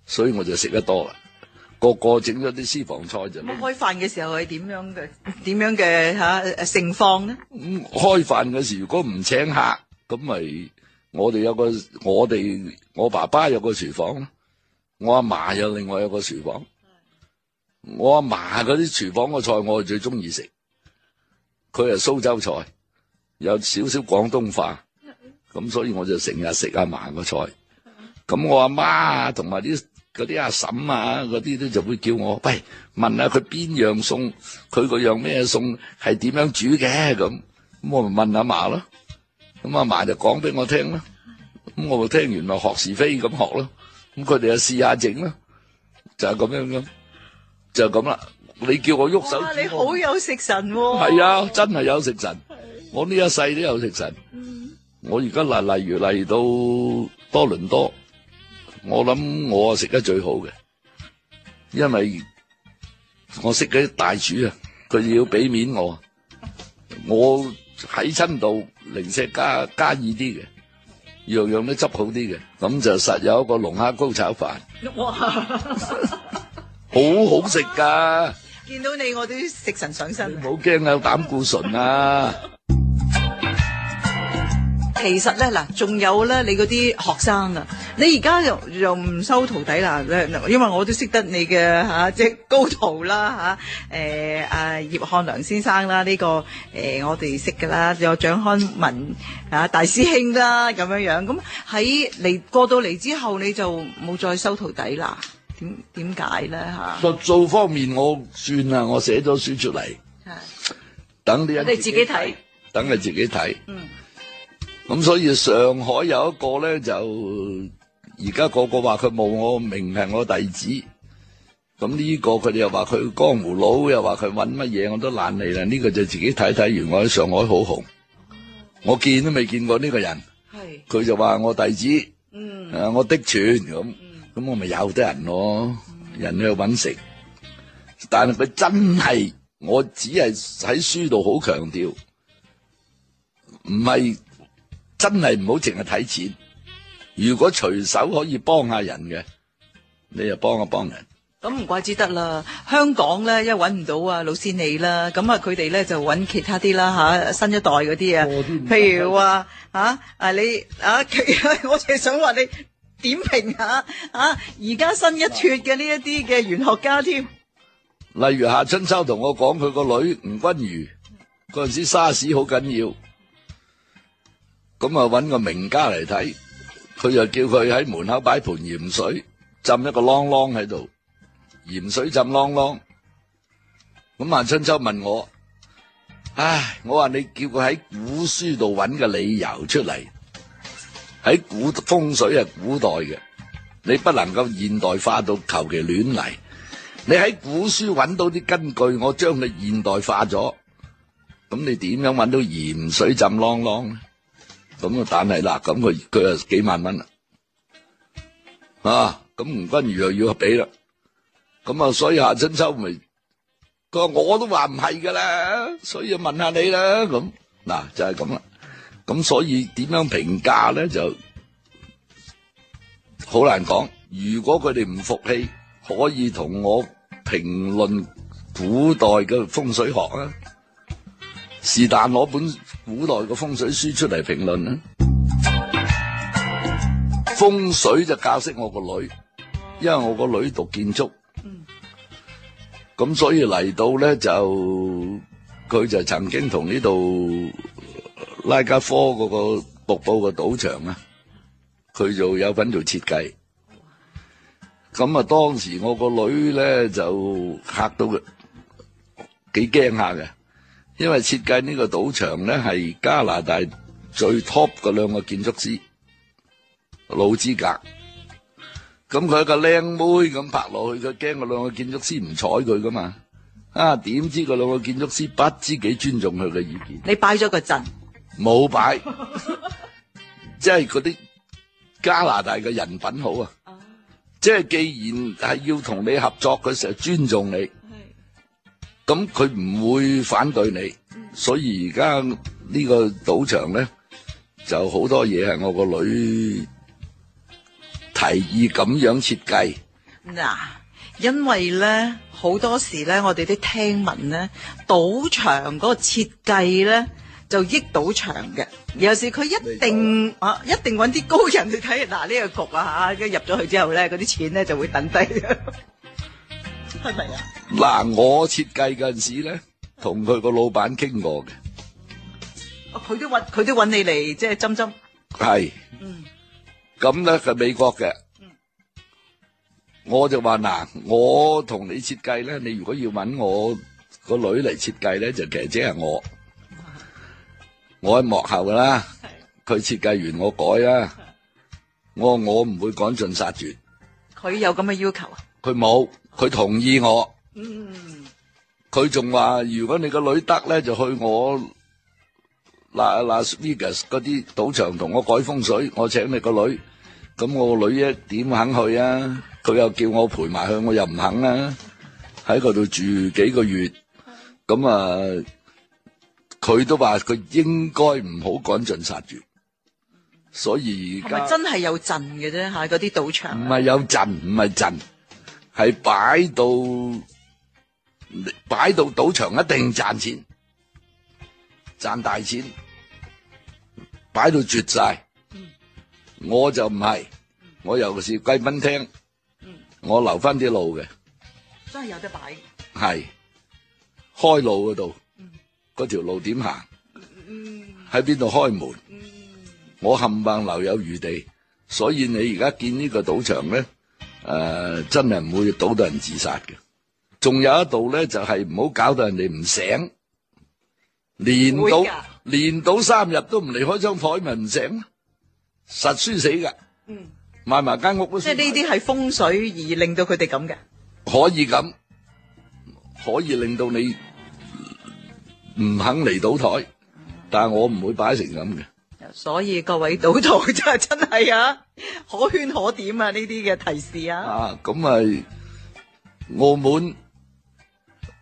所以我就食得多啦。個個整咗啲私房菜就。開飯嘅時候係點樣嘅？點樣嘅吓盛況咧？咁開飯嘅時，如果唔請客，咁咪我哋有個我哋我爸爸有個廚房，我阿嫲有另外有個廚房。我阿嫲嗰啲廚房嘅菜，我最中意食。佢係蘇州菜。有少少廣東化，咁所以我就成日食阿嫲嘅菜。咁我阿媽同埋啲啲阿嬸啊，嗰啲都就會叫我喂問下佢邊樣餸，佢個樣咩餸係點樣煮嘅咁。我咪問阿嫲咯，咁阿嫲就講俾我聽咯。咁我咪聽完咪學是非咁學,學咯。咁佢哋又試下整咯，就係、是、咁樣嘅，就咁、是、啦、就是。你叫我喐手，你好有食神喎、哦。係啊，真係有食神。我呢一世都有食神。我而家例例如嚟到多倫多，我諗我食得最好嘅，因為我識嗰啲大廚啊，佢要俾面我，我喺親度零食加加意啲嘅，樣樣都執好啲嘅，咁就實有一個龍蝦膏炒飯，哇，好好食噶！見到你我都食神上身，唔好驚啊，有膽固醇啊！其實咧，嗱，仲有咧你嗰啲學生啊，你而家又又唔收徒弟啦咧，因為我都識得你嘅吓即係高徒啦吓，誒啊葉漢良先生啦呢個誒我哋識噶啦，仲有蔣漢文啊大師兄啦咁樣樣，咁喺嚟過到嚟之後你就冇再收徒弟啦，點點解咧吓？術數方面我算啦，我寫咗書出嚟，等呢一，你自己睇，等你自己睇，嗯。咁所以上海有一個咧，就而家個個話佢冇我名係我弟子，咁呢個佢哋又話佢江湖佬，又話佢搵乜嘢，我都懶嚟啦。呢、這個就自己睇睇完，我喺上海好紅，我見都未見過呢個人，佢是就話我弟子，嗯，誒、啊，我的傳咁，咁、嗯嗯、我咪有得人咯，嗯、人去搵食，但係佢真係，我只係喺書度好強調，唔係。真係唔好淨係睇錢，如果隨手可以幫下人嘅，你又幫一幫人。咁唔怪之得啦，香港咧一搵唔到啊老師你啦，咁啊佢哋咧就搵其他啲啦吓，新一代嗰啲啊，譬如話吓啊你啊， *laughs* 我淨係想話你點評下啊，而家新一脱嘅呢一啲嘅玄學家添。啊、例如夏春秋同我講佢個女吳君如嗰陣時沙士好緊要。咁啊，揾個名家嚟睇，佢又叫佢喺門口擺盆鹽水浸一個啷啷喺度，鹽水浸啷啷。咁啊，春秋問我，唉，我話你叫佢喺古書度揾個理由出嚟，喺古風水係古代嘅，你不能夠現代化到求其亂嚟。你喺古書揾到啲根據，我將佢現代化咗，咁你點樣揾到鹽水浸啷啷咧？咁啊，但係啦，咁佢佢啊幾萬蚊啦，啊，咁吳君如又要俾啦，咁啊，所以夏春秋咪，佢話我都話唔係噶啦，所以就問下你啦，咁嗱就係咁啦，咁所以點樣評價咧就，好難講。如果佢哋唔服氣，可以同我評論古代嘅風水學啊，是但攞本。古代嘅風水書出嚟評論啊！風水就教識我個女，因為我個女讀建築，咁所以嚟到咧就佢就曾經同呢度拉加科嗰個瀑布個賭場啊，佢就有份做設計，咁啊當時我個女咧就嚇到佢，幾驚吓嘅。因為設計呢個賭場咧，係加拿大最 top 嘅兩個建築師老資格，咁佢一個靚妹咁拍落去，佢驚嗰兩個建築師唔睬佢噶嘛？啊，點知嗰兩個建築師不知幾尊重佢嘅意見？你擺咗個陣？冇擺，即係嗰啲加拿大嘅人品好啊！即係既然係要同你合作，佢就尊重你。咁佢唔會反對你，所以而家呢個賭場咧就好多嘢，係我個女提議咁樣設計。嗱，因為咧好多時咧我哋啲聽聞咧賭場嗰個設計咧就益賭場嘅，有時佢一定啊，一定搵啲高人去睇，嗱呢個局啊吓，跟住入咗去之後咧嗰啲錢咧就會等低。係咪啊？嗱，我設計嗰陣時咧，同佢個老闆傾過嘅，佢都搵佢都搵你嚟即係針針。係，嗯，咁咧係美國嘅，嗯，我就話嗱，我同你設計咧，你如果要搵我個女嚟設計咧，就其實即係我，我喺幕後噶啦，係，佢設計完我改啦，我我唔會趕盡殺絕。佢有咁嘅要求啊？佢冇。佢同意我，佢仲話：如果你個女得咧，就去我嗱嗱 Las Vegas 嗰啲賭場同我改風水，我請你個女。咁我個女咧點肯去啊？佢又叫我陪埋去，我又唔肯啊！喺嗰度住幾個月，咁啊，佢都話佢應該唔好趕盡殺絕，所以而家真係有陣嘅啫吓，嗰啲賭場唔係有陣，唔係陣。係擺到擺到賭場一定賺錢，賺大錢，擺到絕晒。我就唔係，我又是貴賓廳，我留翻啲路嘅，真係有得擺。係開路嗰度，嗰條路點行？喺邊度開門？我冚唪唥留有餘地，所以你而家見呢個賭場咧？誒，真係唔會賭到人自殺嘅。仲有一度咧，就係唔好搞到人哋唔醒，連到連到三日都唔離開張台，咪唔醒，實輸死噶。嗯，買埋間屋都即係呢啲係風水而令到佢哋咁嘅，可以咁，可以令到你唔肯嚟賭台，但係我唔會擺成咁嘅。所以各位賭台真係真係啊！可圈可點啊！呢啲嘅提示啊，啊咁係澳門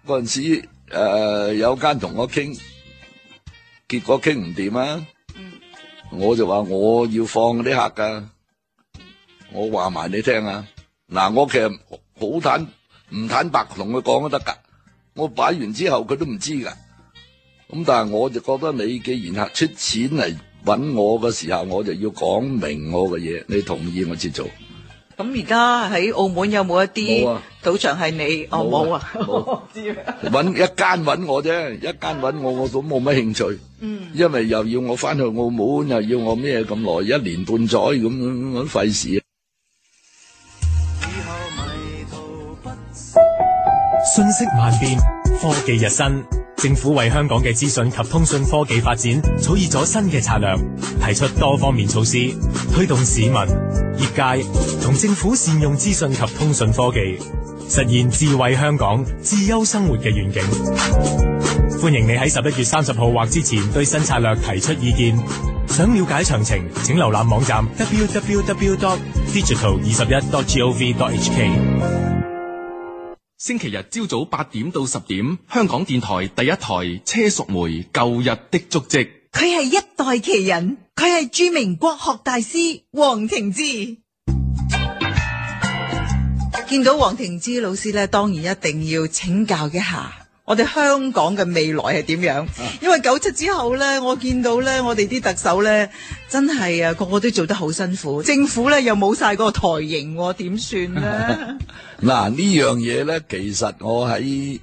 嗰陣時，誒、呃、有間同我傾，結果傾唔掂啊，我就話我要放啲客噶，我話埋你聽啊，嗱、啊、我其實好坦唔坦白同佢講都得噶，我擺完之後佢都唔知噶，咁但係我就覺得你既然客出錢嚟。揾我嘅時候，我就要講明我嘅嘢，你同意我先做。咁而家喺澳門有冇一啲賭場係你澳門啊？冇，知咩？揾一間揾我啫，一間揾我我都冇乜興趣。嗯，因為又要我翻去澳門，又要我咩咁耐，一年半載咁，我都費事。以後迷途不遜，信息萬變，科技日新。政府為香港嘅資訊及通訊科技發展，草擬咗新嘅策略，提出多方面措施，推動市民、業界同政府善用資訊及通訊科技，實現智慧香港、智優生活嘅願景。歡迎你喺十一月三十號或之前對新策略提出意見。想了解詳情，請瀏覽網站 www.dot.digital 二十一 dot gov dot hk。星期日朝早八點到十點，香港電台第一台車淑梅《舊日的足跡》。佢係一代奇人，佢係著名國學大師王亭之。見到王亭之老師呢，當然一定要請教一下。我哋香港嘅未來係點樣？啊、因為九七之後咧，我見到咧，我哋啲特首咧，真係啊個個都做得好辛苦，政府咧又冇晒個台型、哦，點算咧？嗱、啊、呢樣嘢咧，其實我喺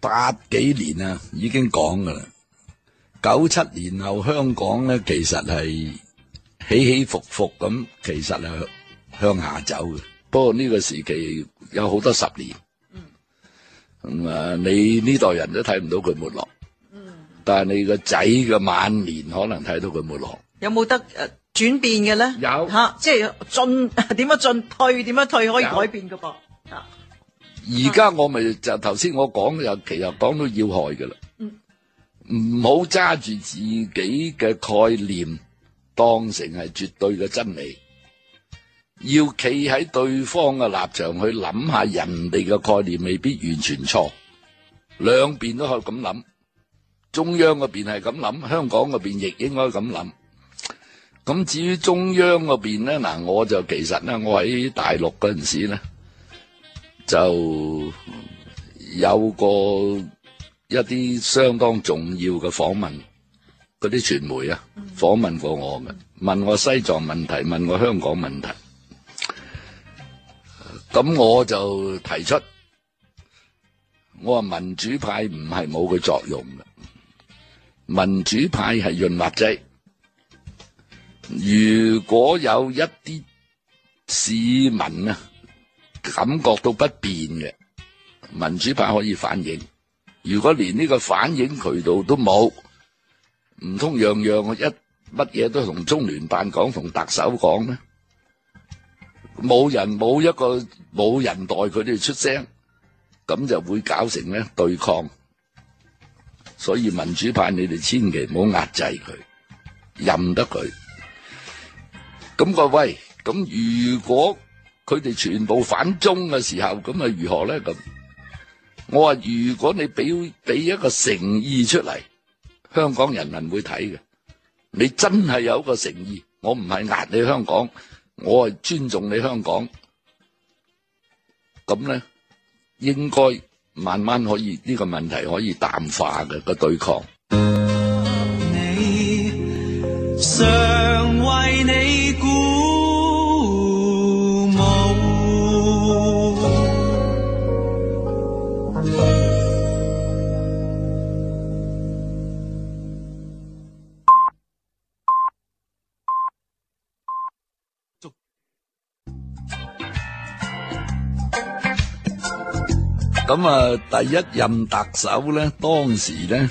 八幾年啊，已經講噶啦。九七年後香港咧，其實係起起伏伏咁，其實係向下走嘅。不過呢個時期有好多十年。咁啊、嗯！你呢代人都睇唔到佢沒落，但係你個仔嘅晚年可能睇到佢沒落。有冇得誒轉、呃、變嘅咧？有吓，啊，即係進點樣進，退點樣退，可以改變噶噃。而家有、啊、我咪就頭先我講嘅又其實講到要害噶啦。唔好揸住自己嘅概念當成係絕對嘅真理。要企喺對方嘅立場去諗下，人哋嘅概念未必完全錯，兩邊都可以咁諗。中央嗰邊係咁諗，香港嗰邊亦應該咁諗。咁至於中央嗰邊咧，嗱，我就其實咧，我喺大陸嗰陣時咧，就有過一啲相當重要嘅訪問，嗰啲傳媒啊，訪問過我嘅，問我西藏問題，問我香港問題。咁我就提出，我話民主派唔係冇佢作用嘅，民主派係潤滑劑。如果有一啲市民啊感覺到不便嘅，民主派可以反映。如果連呢個反映渠道都冇，唔通樣樣一乜嘢都同中聯辦講，同特首講咩？冇人，冇一個冇人代佢哋出聲，咁就會搞成咧對抗。所以民主派，你哋千祈唔好壓制佢，任得佢。咁各位，咁如果佢哋全部反中嘅時候，咁啊如何咧？咁我話：如果你俾俾一個誠意出嚟，香港人民會睇嘅。你真係有一個誠意，我唔係壓你香港。我係尊重你香港，咁咧應該慢慢可以呢，呢個問題可以淡化嘅，這個對抗。 *music* 咁啊，第一任特首咧，當時咧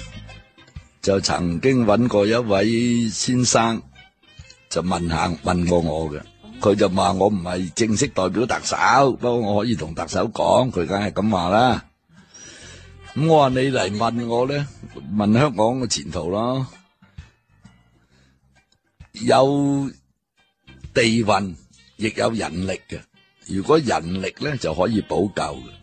就曾經揾過一位先生，就問下問過我嘅，佢就話我唔係正式代表特首，不過我可以同特首講，佢梗係咁話啦。咁我話你嚟問我咧，問香港嘅前途咯，有地運亦有人力嘅，如果人力咧就可以補救嘅。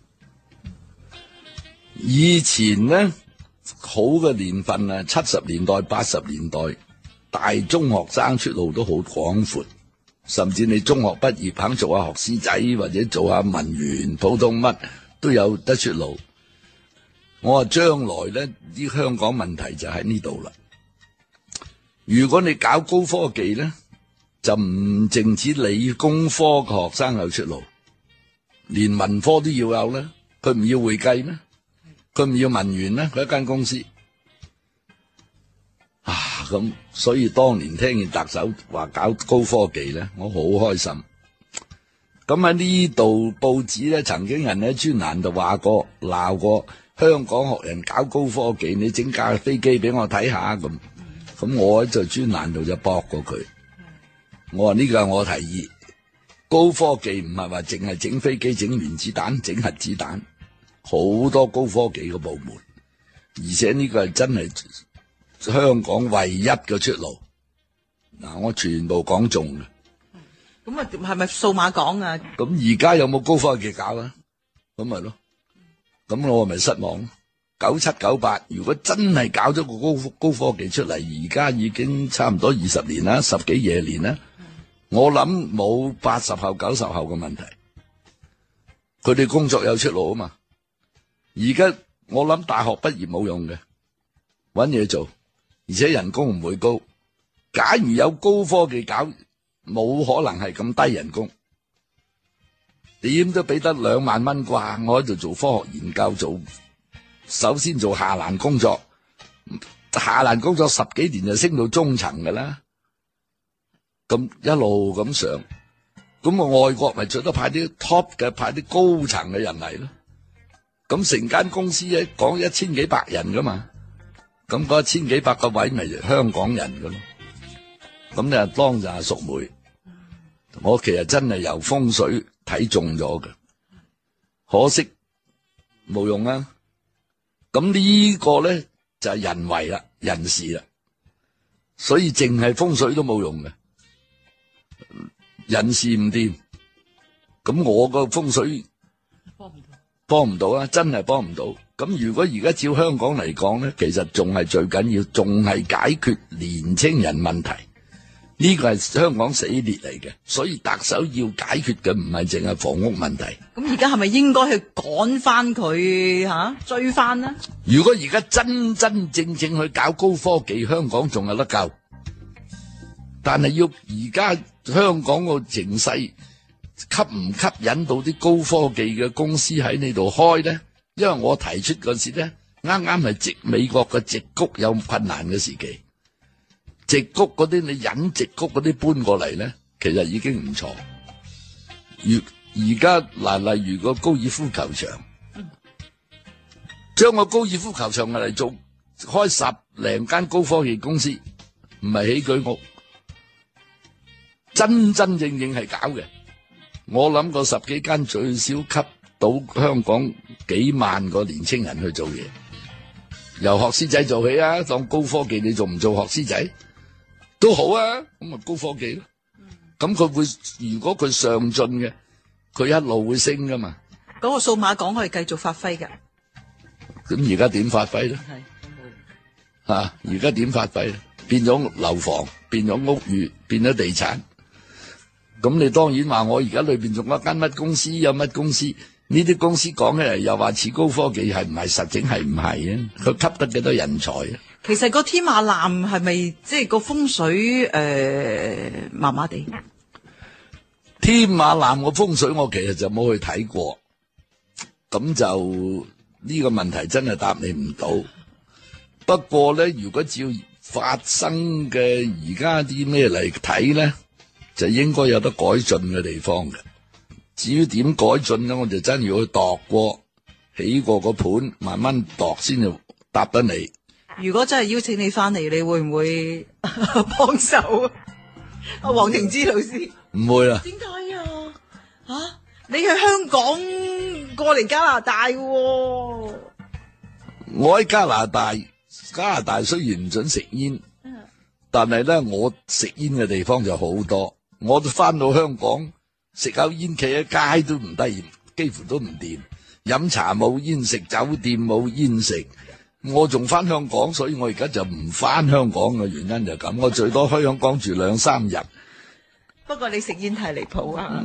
以前呢，好嘅年份啊，七十年代、八十年代，大中學生出路都好廣闊，甚至你中學畢業肯做下學師仔或者做下文員、普通乜都有得出路。我話將來呢啲香港問題就喺呢度啦。如果你搞高科技呢，就唔淨止理工科學生有出路，連文科都要有呢。佢唔要會計咩？佢唔要文員呢，佢一間公司啊，咁所以當年聽見特首話搞高科技咧，我好開心。咁喺呢度報紙咧，曾經人喺專欄度話過、鬧過香港學人搞高科技，你整架飛機俾我睇下咁。咁我喺在專欄度就駁過佢。我話呢個係我提議，高科技唔係話淨係整飛機、整原子彈、整核子彈。好多高科技嘅部門，而且呢個係真係香港唯一嘅出路。嗱，我全部講中嘅。咁、嗯、啊，係咪數碼港啊？咁而家有冇高科技搞啊？咁咪咯。咁我咪失望。九七九八，如果真係搞咗個高高科技出嚟，而家已經差唔多二十年啦，十幾廿年啦。我諗冇八十後、九十後嘅問題，佢哋工作有出路啊嘛。而家我諗大學畢業冇用嘅，搵嘢做，而且人工唔會高。假如有高科技搞，冇可能係咁低人工，點都俾得兩萬蚊啩？我喺度做科學研究組，首先做下欄工作，下欄工作十幾年就升到中層噶啦，咁一路咁上，咁我外國咪最多派啲 top 嘅，派啲高層嘅人嚟咯。咁成間公司一講一千幾百人噶嘛，咁嗰一千幾百個位咪香港人噶咯，咁你係當下淑梅，我其實真係由風水睇中咗嘅，可惜冇用啊。咁呢個咧就係人為啦，人事啦，所以淨係風水都冇用嘅，人事唔掂，咁我個風水。幫唔到啊！真係幫唔到。咁如果而家照香港嚟講咧，其實仲係最緊要，仲係解決年青人問題。呢個係香港死裂嚟嘅，所以特首要解決嘅唔係淨係房屋問題。咁而家係咪應該去趕翻佢吓追翻咧？如果而家真真正正去搞高科技，香港仲有得救。但係要而家香港個情勢。吸唔吸引到啲高科技嘅公司喺呢度開咧？因為我提出嗰時咧，啱啱係植美國嘅植谷有困難嘅時期，植谷嗰啲你引植谷嗰啲搬過嚟咧，其實已經唔錯。而而家嗱，例如個高爾夫球場，將個高爾夫球場嚟做開十零間高科技公司，唔係起居屋，真真正正係搞嘅。我諗過十幾間最少吸到香港幾萬個年青人，去做嘢，由學師仔做起啊！當高科技你做唔做學師仔都好啊！咁咪高科技咯。咁佢會如果佢上進嘅，佢一路會升噶嘛？嗰個數碼港可以繼續發揮噶。咁而家點發揮咧？吓，而家點發揮咧？變咗樓房，變咗屋宇，變咗地產。咁你當然話我而家裏邊仲有一間乜公司，有乜公司？呢啲公司講起嚟又話似高科技，係唔係實整？係唔係啊？佢吸得幾多人才啊？其實個天馬南係咪即係個風水？誒，麻麻地。天馬南個風水，我其實就冇去睇過。咁就呢個問題真係答你唔到。不過咧，如果照發生嘅而家啲咩嚟睇咧？就應該有得改進嘅地方嘅，至於點改進咧，我就真係要去度過，起過個盤，慢慢度先至答得你。如果真係邀請你翻嚟，你會唔會幫手？啊？阿王亭之老師唔會啊。點解啊？吓，你去香港過嚟加拿大嘅，啊。我喺加拿大，加拿大雖然唔准食煙， *laughs* 但係咧我食煙嘅地方就好多。我都翻到香港食口煙，企喺街都唔得，幾乎都唔掂。飲茶冇煙食，酒店冇煙食。我仲翻香港，所以我而家就唔翻香港嘅原因就咁。我最多去香港住兩三日。不過你食煙太離譜啊！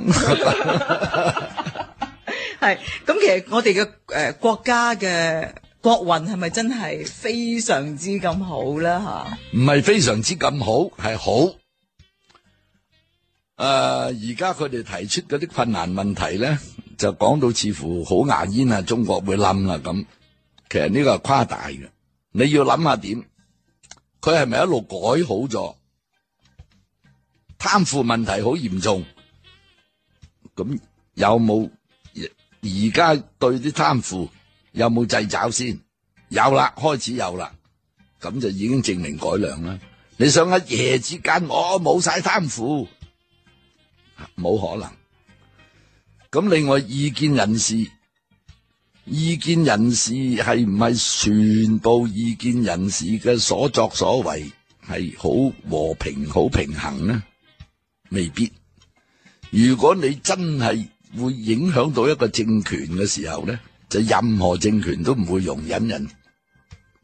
係咁，其實我哋嘅誒國家嘅國運係咪真係非常之咁好咧？吓，唔係非常之咁好，係好。誒，而家佢哋提出嗰啲困難問題咧，就講到似乎好牙煙啊，中國會冧啦咁。其實呢個係誇大嘅，你要諗下點？佢係咪一路改好咗？貪腐問題好嚴重，咁有冇而家對啲貪腐有冇制裁先？有啦，開始有啦，咁就已經證明改良啦。你想一夜之間我冇晒貪腐？冇可能。咁另外異見人士，異見人士係唔係全部異見人士嘅所作所為係好和平、好平衡呢？未必。如果你真係會影響到一個政權嘅時候呢，就任何政權都唔會容忍人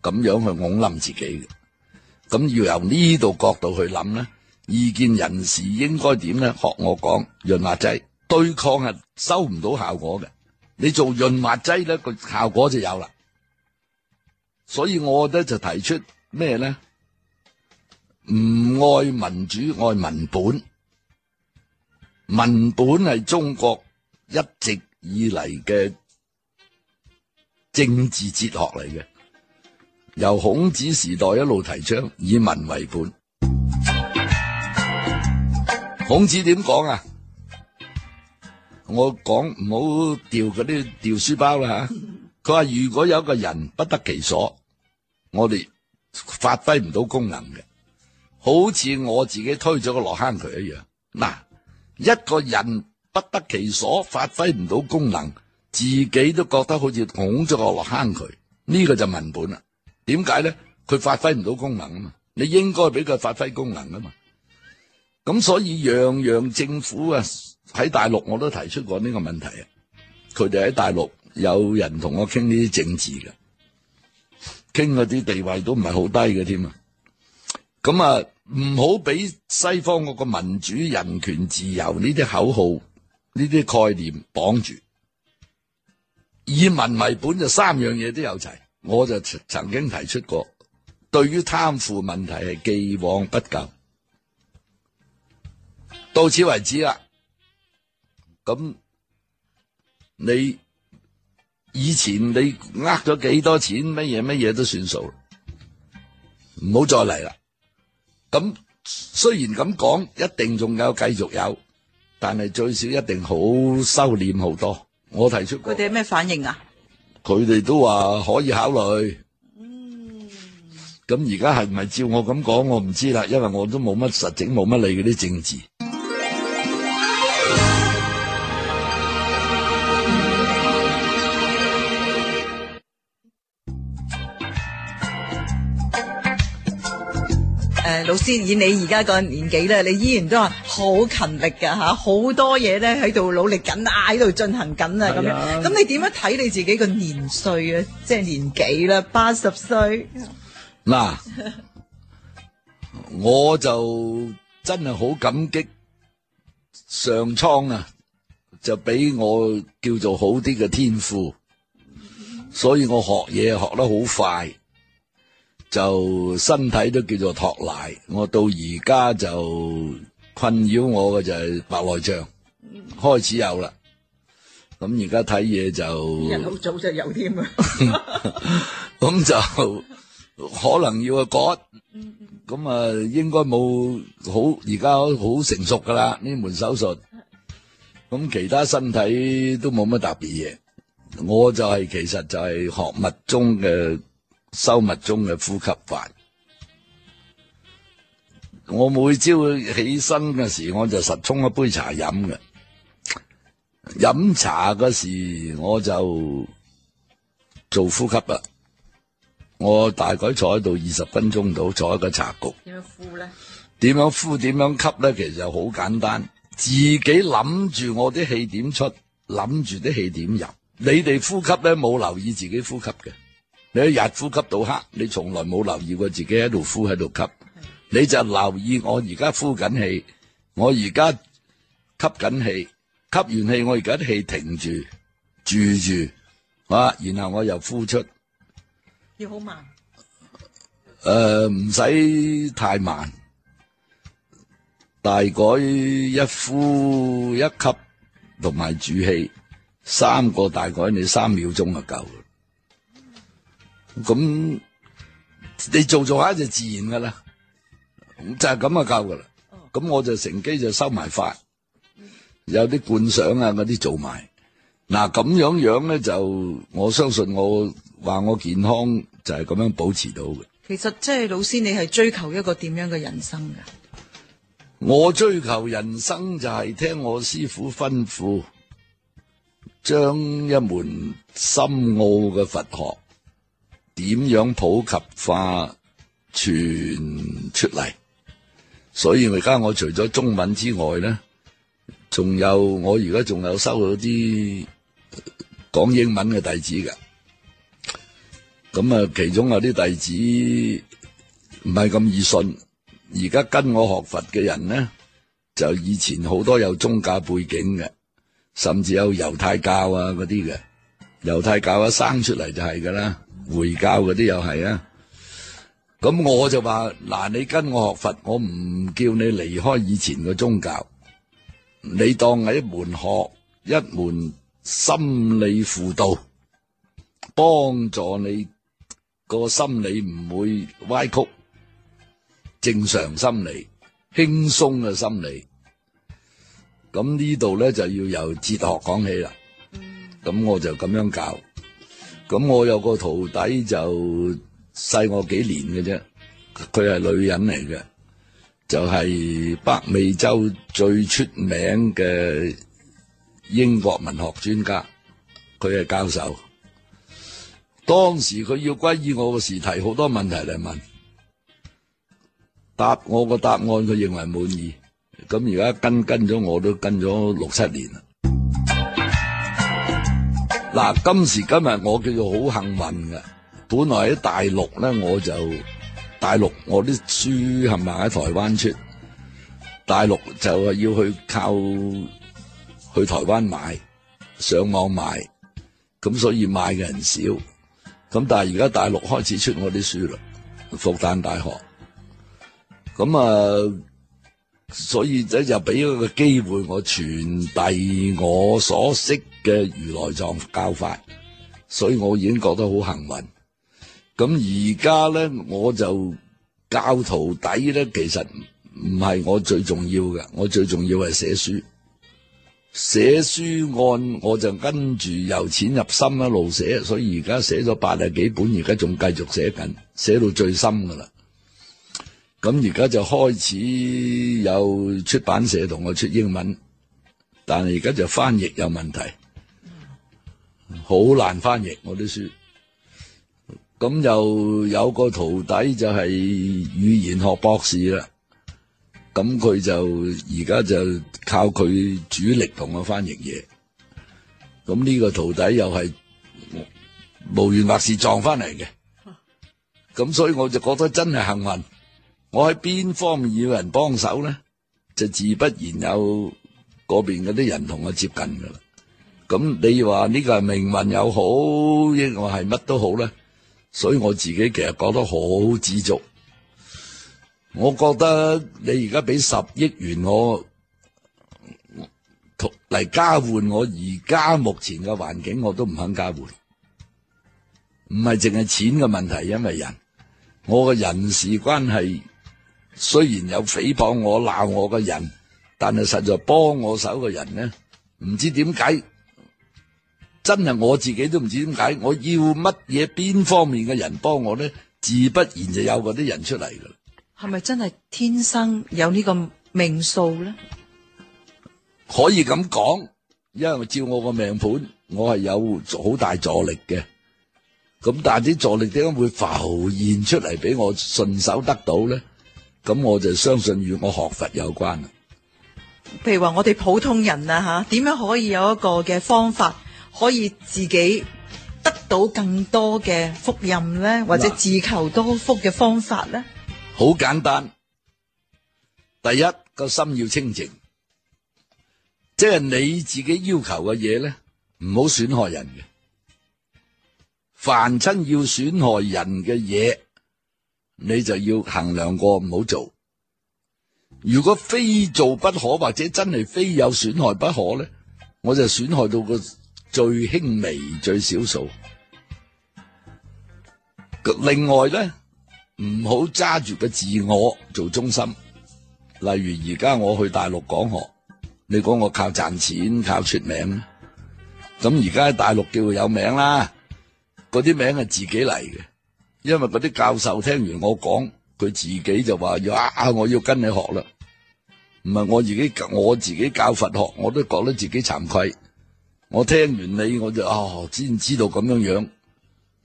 咁樣去拱冧自己嘅。咁要由呢度角度去諗呢。意見人士應該點呢？學我講潤滑劑，對抗係收唔到效果嘅，你做潤滑劑呢個效果就有啦。所以我覺得就提出咩呢？唔愛民主，愛民本。民本係中國一直以嚟嘅政治哲學嚟嘅，由孔子時代一路提倡以民為本。孔子點講啊？我講唔好掉嗰啲，掉書包啦吓、啊。佢話如果有一個人不得其所，我哋發揮唔到功能嘅，好似我自己推咗個落坑渠一樣。嗱，一個人不得其所，發揮唔到功能，自己都覺得好似推咗個落坑渠。呢個就文本啦。點解咧？佢發揮唔到功能啊嘛，你應該俾佢發揮功能啊嘛。咁所以樣樣政府啊，喺大陸我都提出過呢個問題啊，佢哋喺大陸有人同我傾呢啲政治嘅，傾嗰啲地位都唔係好低嘅添啊，咁啊唔好俾西方嗰個民主、人權、自由呢啲口號、呢啲概念綁住，以民為本就三樣嘢都有齊，我就曾經提出過，對於貪腐問題係既往不咎。到此為止啦，咁你以前你呃咗幾多錢乜嘢乜嘢都算數，唔好再嚟啦。咁雖然咁講，一定仲有繼續有，但係最少一定好收斂好多。我提出過佢哋有咩反應啊？佢哋都話可以考慮。嗯，咁而家係咪照我咁講，我唔知啦，因為我都冇乜實證，冇乜理嗰啲政治。誒，老師，以你而家個年紀咧，你依然都話好勤力嘅吓，好多嘢咧喺度努力緊啊，喺度進行緊啊咁樣。咁你點樣睇你自己個年歲啊？即係年紀啦，八十歲。嗱，我就真係好感激上蒼啊，就俾我叫做好啲嘅天賦，所以我學嘢學得好快。就身體都叫做托賴，我到而家就困擾我嘅就係白內障，開始有啦。咁而家睇嘢就，人好早就有添啦。咁就可能要去割，咁啊應該冇好，而家好成熟噶啦。呢門手術。咁其他身體都冇乜特別嘢，我就係其實就係學物中嘅。修密宗嘅呼吸法，我每朝起身嘅時，我就實沖一杯茶飲嘅。飲茶嘅時，我就做呼吸啦。我大概坐喺度二十分鐘到，坐一個茶局。點樣呼咧？點樣呼？點樣吸咧？其實就好簡單，自己諗住我啲氣點出，諗住啲氣點入。你哋呼吸咧，冇留意自己呼吸嘅。你一日呼吸到黑，你從來冇留意過自己喺度呼喺度吸，你就留意我而家呼緊氣，我而家吸緊氣，吸完氣我而家啲氣停住，住住，啊，然後我又呼出，要好慢，誒，唔使太慢，大概一呼一吸同埋主氣，三個大概你三秒鐘就夠。咁你做做下就自然噶啦，咁就係咁啊，夠噶啦。咁我就乘機就收埋法，有啲觀想啊，嗰啲做埋。嗱咁樣樣咧，就我相信我話我健康就係咁樣保持到嘅。其實即係老師，你係追求一個點樣嘅人生噶？我追求人生就係聽我師父吩咐，將一門深奧嘅佛學。點樣普及化傳出嚟？所以而家我除咗中文之外咧，仲有我而家仲有收到啲講英文嘅弟子㗎。咁啊，其中有啲弟子唔係咁易信。而家跟我學佛嘅人咧，就以前好多有宗教背景嘅，甚至有猶太教啊嗰啲嘅。猶太教啊，生出嚟就係噶啦。回教嗰啲又係啊，咁我就話嗱，你跟我學佛，我唔叫你離開以前嘅宗教，你當係一門學，一門心理輔導，幫助你個心理唔會歪曲，正常心理，輕鬆嘅心理。咁呢度咧就要由哲學講起啦，咁我就咁樣教。咁我有個徒弟就細我幾年嘅啫，佢係女人嚟嘅，就係、是、北美洲最出名嘅英國文學專家，佢係教授。當時佢要皈依我嘅時提好多問題嚟問，答我個答案佢認為滿意。咁而家跟跟咗我都跟咗六七年。嗱，今時今日我叫做好幸運嘅，本來喺大陸咧，我就大陸我啲書冚埋喺台灣出，大陸就係要去靠去台灣買，上網買，咁所以買嘅人少，咁但係而家大陸開始出我啲書啦，復旦大學，咁啊。所以咧就俾咗個機會我傳遞我所識嘅如來藏教法，所以我已經覺得好幸運。咁而家咧我就教徒弟咧，其實唔係我最重要嘅，我最重要係寫書。寫書案我就跟住由淺入深一路寫，所以而家寫咗八十幾本，而家仲繼續寫緊，寫到最深噶啦。咁而家就開始有出版社同我出英文，但係而家就翻譯有問題，好難翻譯我啲書。咁又有個徒弟就係語言學博士啦，咁佢就而家就靠佢主力同我翻譯嘢。咁呢個徒弟又係無緣無故撞翻嚟嘅，咁所以我就覺得真係幸運。我喺邊方面要人幫手咧，就自不然有嗰邊嗰啲人同我接近噶啦。咁你話呢個係命運又好，亦或係乜都好咧？所以我自己其實覺得好知足。我覺得你而家俾十億元我嚟，交換我而家目前嘅環境，我都唔肯交換。唔係淨係錢嘅問題，因為人我嘅人事關係。雖然有誹謗我、鬧我嘅人，但係實在幫我手嘅人咧，唔知點解真係我自己都唔知點解。我要乜嘢邊方面嘅人幫我咧，自不然就有嗰啲人出嚟噶。係咪真係天生有呢個命數咧？可以咁講，因為照我個命盤，我係有好大助力嘅。咁但係啲助力點解會浮現出嚟俾我順手得到咧？咁我就相信與我學佛有關啦。譬如話我哋普通人啊，吓，點樣可以有一個嘅方法，可以自己得到更多嘅福蔭咧，或者自求多福嘅方法咧？好簡單，第一個心要清淨，即係你自己要求嘅嘢咧，唔好損害人嘅。凡親要損害人嘅嘢。你就要衡量過，唔好做，如果非做不可，或者真係非有損害不可咧，我就損害到個最輕微、最少數。另外咧，唔好揸住個自我做中心。例如而家我去大陸講學，你講我靠賺錢、靠出名，咁而家喺大陸叫有名啦，嗰啲名係自己嚟嘅。因為嗰啲教授聽完我講，佢自己就話要啊，我要跟你學啦。唔係我自己，我自己教佛學，我都覺得自己慚愧。我聽完你，我就哦，先知道咁樣樣。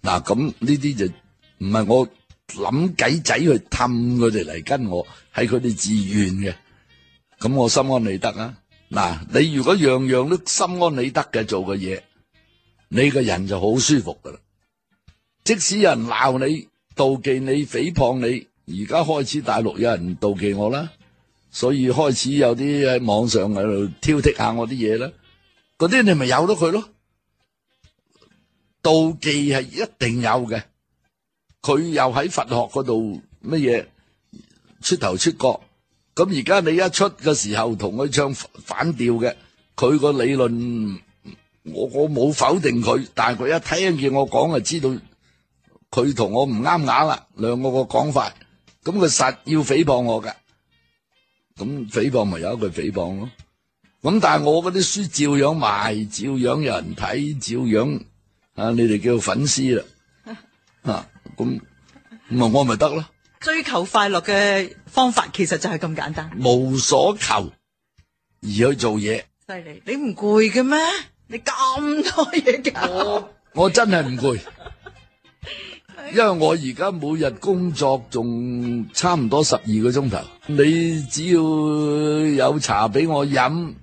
嗱、啊，咁呢啲就唔係我諗計仔去氹佢哋嚟跟我，係佢哋自願嘅。咁、啊、我心安理得啊。嗱、啊，你如果樣樣都心安理得嘅做嘅嘢，你個人就好舒服噶啦。即使有人鬧你、妒忌你、誹謗你，而家開始大陸有人妒忌我啦，所以開始有啲喺網上喺度挑剔下我啲嘢啦，嗰啲你咪有咗佢咯。妒忌係一定有嘅，佢又喺佛學嗰度乜嘢出頭出角，咁而家你一出嘅時候同佢唱反調嘅，佢個理論我我冇否定佢，但係佢一聽見我講就知道。佢同我唔啱眼啦，兩個個講法，咁佢實要誹謗我㗎，咁誹謗咪有一句誹謗咯。咁但係我嗰啲書照樣賣，照樣有人睇，照樣啊，你哋叫粉絲啦，啊，咁咁啊，我咪得咯。追求快樂嘅方法其實就係咁簡單，無所求而去做嘢。犀利，你唔攰嘅咩？你咁多嘢搞， *laughs* 我真係唔攰。因為我而家每日工作仲差唔多十二個鐘頭，你只要有茶俾我飲，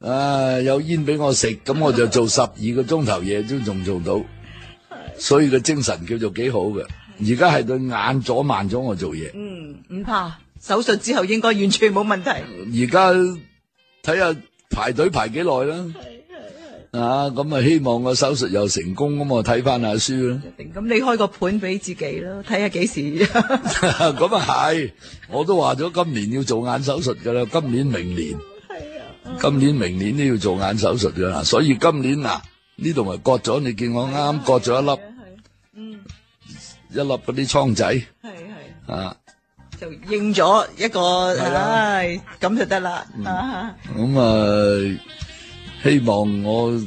啊，有煙俾我食，咁我就做十二個鐘頭嘢都仲做到，所以個精神叫做幾好嘅。而家係對眼阻慢咗我做嘢。嗯，唔怕，手術之後應該完全冇問題。而家睇下排隊排幾耐啦。啊，咁啊，希望個手術又成功咁啊，睇翻下書啦。咁你開個盤俾自己咯，睇下幾時。咁啊係，我都話咗今年要做眼手術噶啦，今年明年，今年明年都要做眼手術噶啦，所以今年啊呢度咪割咗，你見我啱啱割咗一粒，嗯，一粒嗰啲瘡仔，係係，啊，就應咗一個，唉，咁就得啦，咁咪。希望我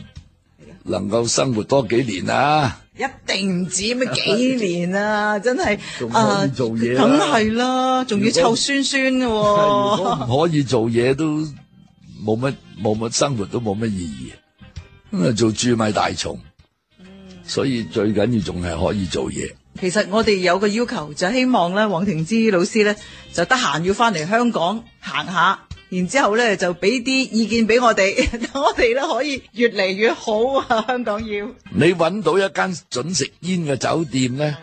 能夠生活多幾年啊！一定唔止咩幾年啊！ *laughs* 真係的仲可以做嘢，啊，梗係啦，仲要臭酸酸嘅，啊。如果唔可以做嘢，都冇乜冇乜生活，都冇乜意義。 *laughs* 做豬米大蟲，所以最緊要仲係可以做嘢。其實我哋有個要求，就是，希望咧，王亭之老師咧，就得閒要翻嚟香港行下。然之後咧就俾啲意見俾我哋，我哋咧可以越嚟越好啊！香港要你揾到一間准食煙嘅酒店咧，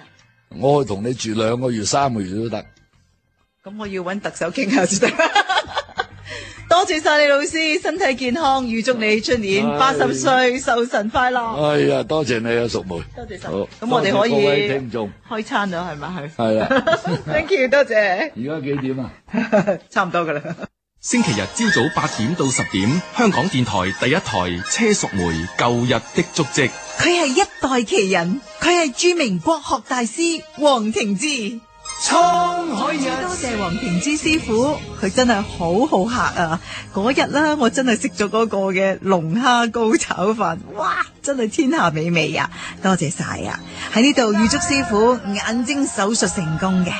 我同你住兩個月三個月都得。咁我要揾特首傾下先得。多謝晒你老師，身體健康，預祝你出年八十歲壽辰快樂。哎呀，多謝你啊，淑梅。多謝叔。好，咁我哋可以開餐啦，係咪係？係啊。Thank you，多謝。而家幾點啊？差唔多噶啦。星期日朝早八點到十點，香港電台第一台車淑梅《舊日的足跡》。佢係一代奇人，佢係著名國學大師王亭之。滄海多謝王亭之師傅，佢真係好好客啊！嗰日啦，我真係食咗嗰個嘅龍蝦膏炒飯，哇，真係天下美味啊！多謝晒啊！喺呢度預祝師傅眼睛手術成功嘅。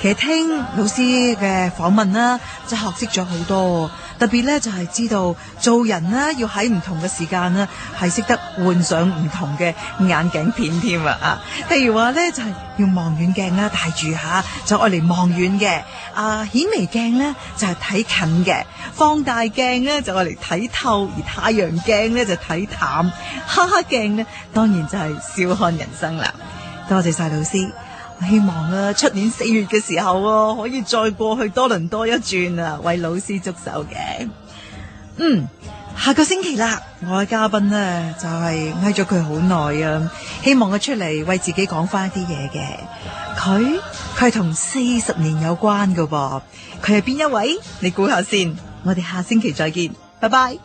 其實聽老師嘅訪問啦，就學識咗好多，特別咧就係知道做人咧要喺唔同嘅時間咧係識得換上唔同嘅眼鏡片添啊！譬如話咧就係用望遠鏡啊戴住下，就愛嚟望遠嘅；啊顯微鏡咧就係睇近嘅，放大鏡咧就愛嚟睇透，而太陽鏡咧就睇淡，哈哈鏡咧當然就係笑看人生啦！多謝晒老師。希望啊，出年四月嘅時候啊，可以再過去多倫多一轉啊，為老師祝壽嘅。嗯，下個星期啦，我嘅嘉賓咧，就係挨咗佢好耐啊，希望佢出嚟為自己講翻一啲嘢嘅。佢佢係同四十年有關噶噃，佢係邊一位？你估下先。我哋下星期再見，拜拜。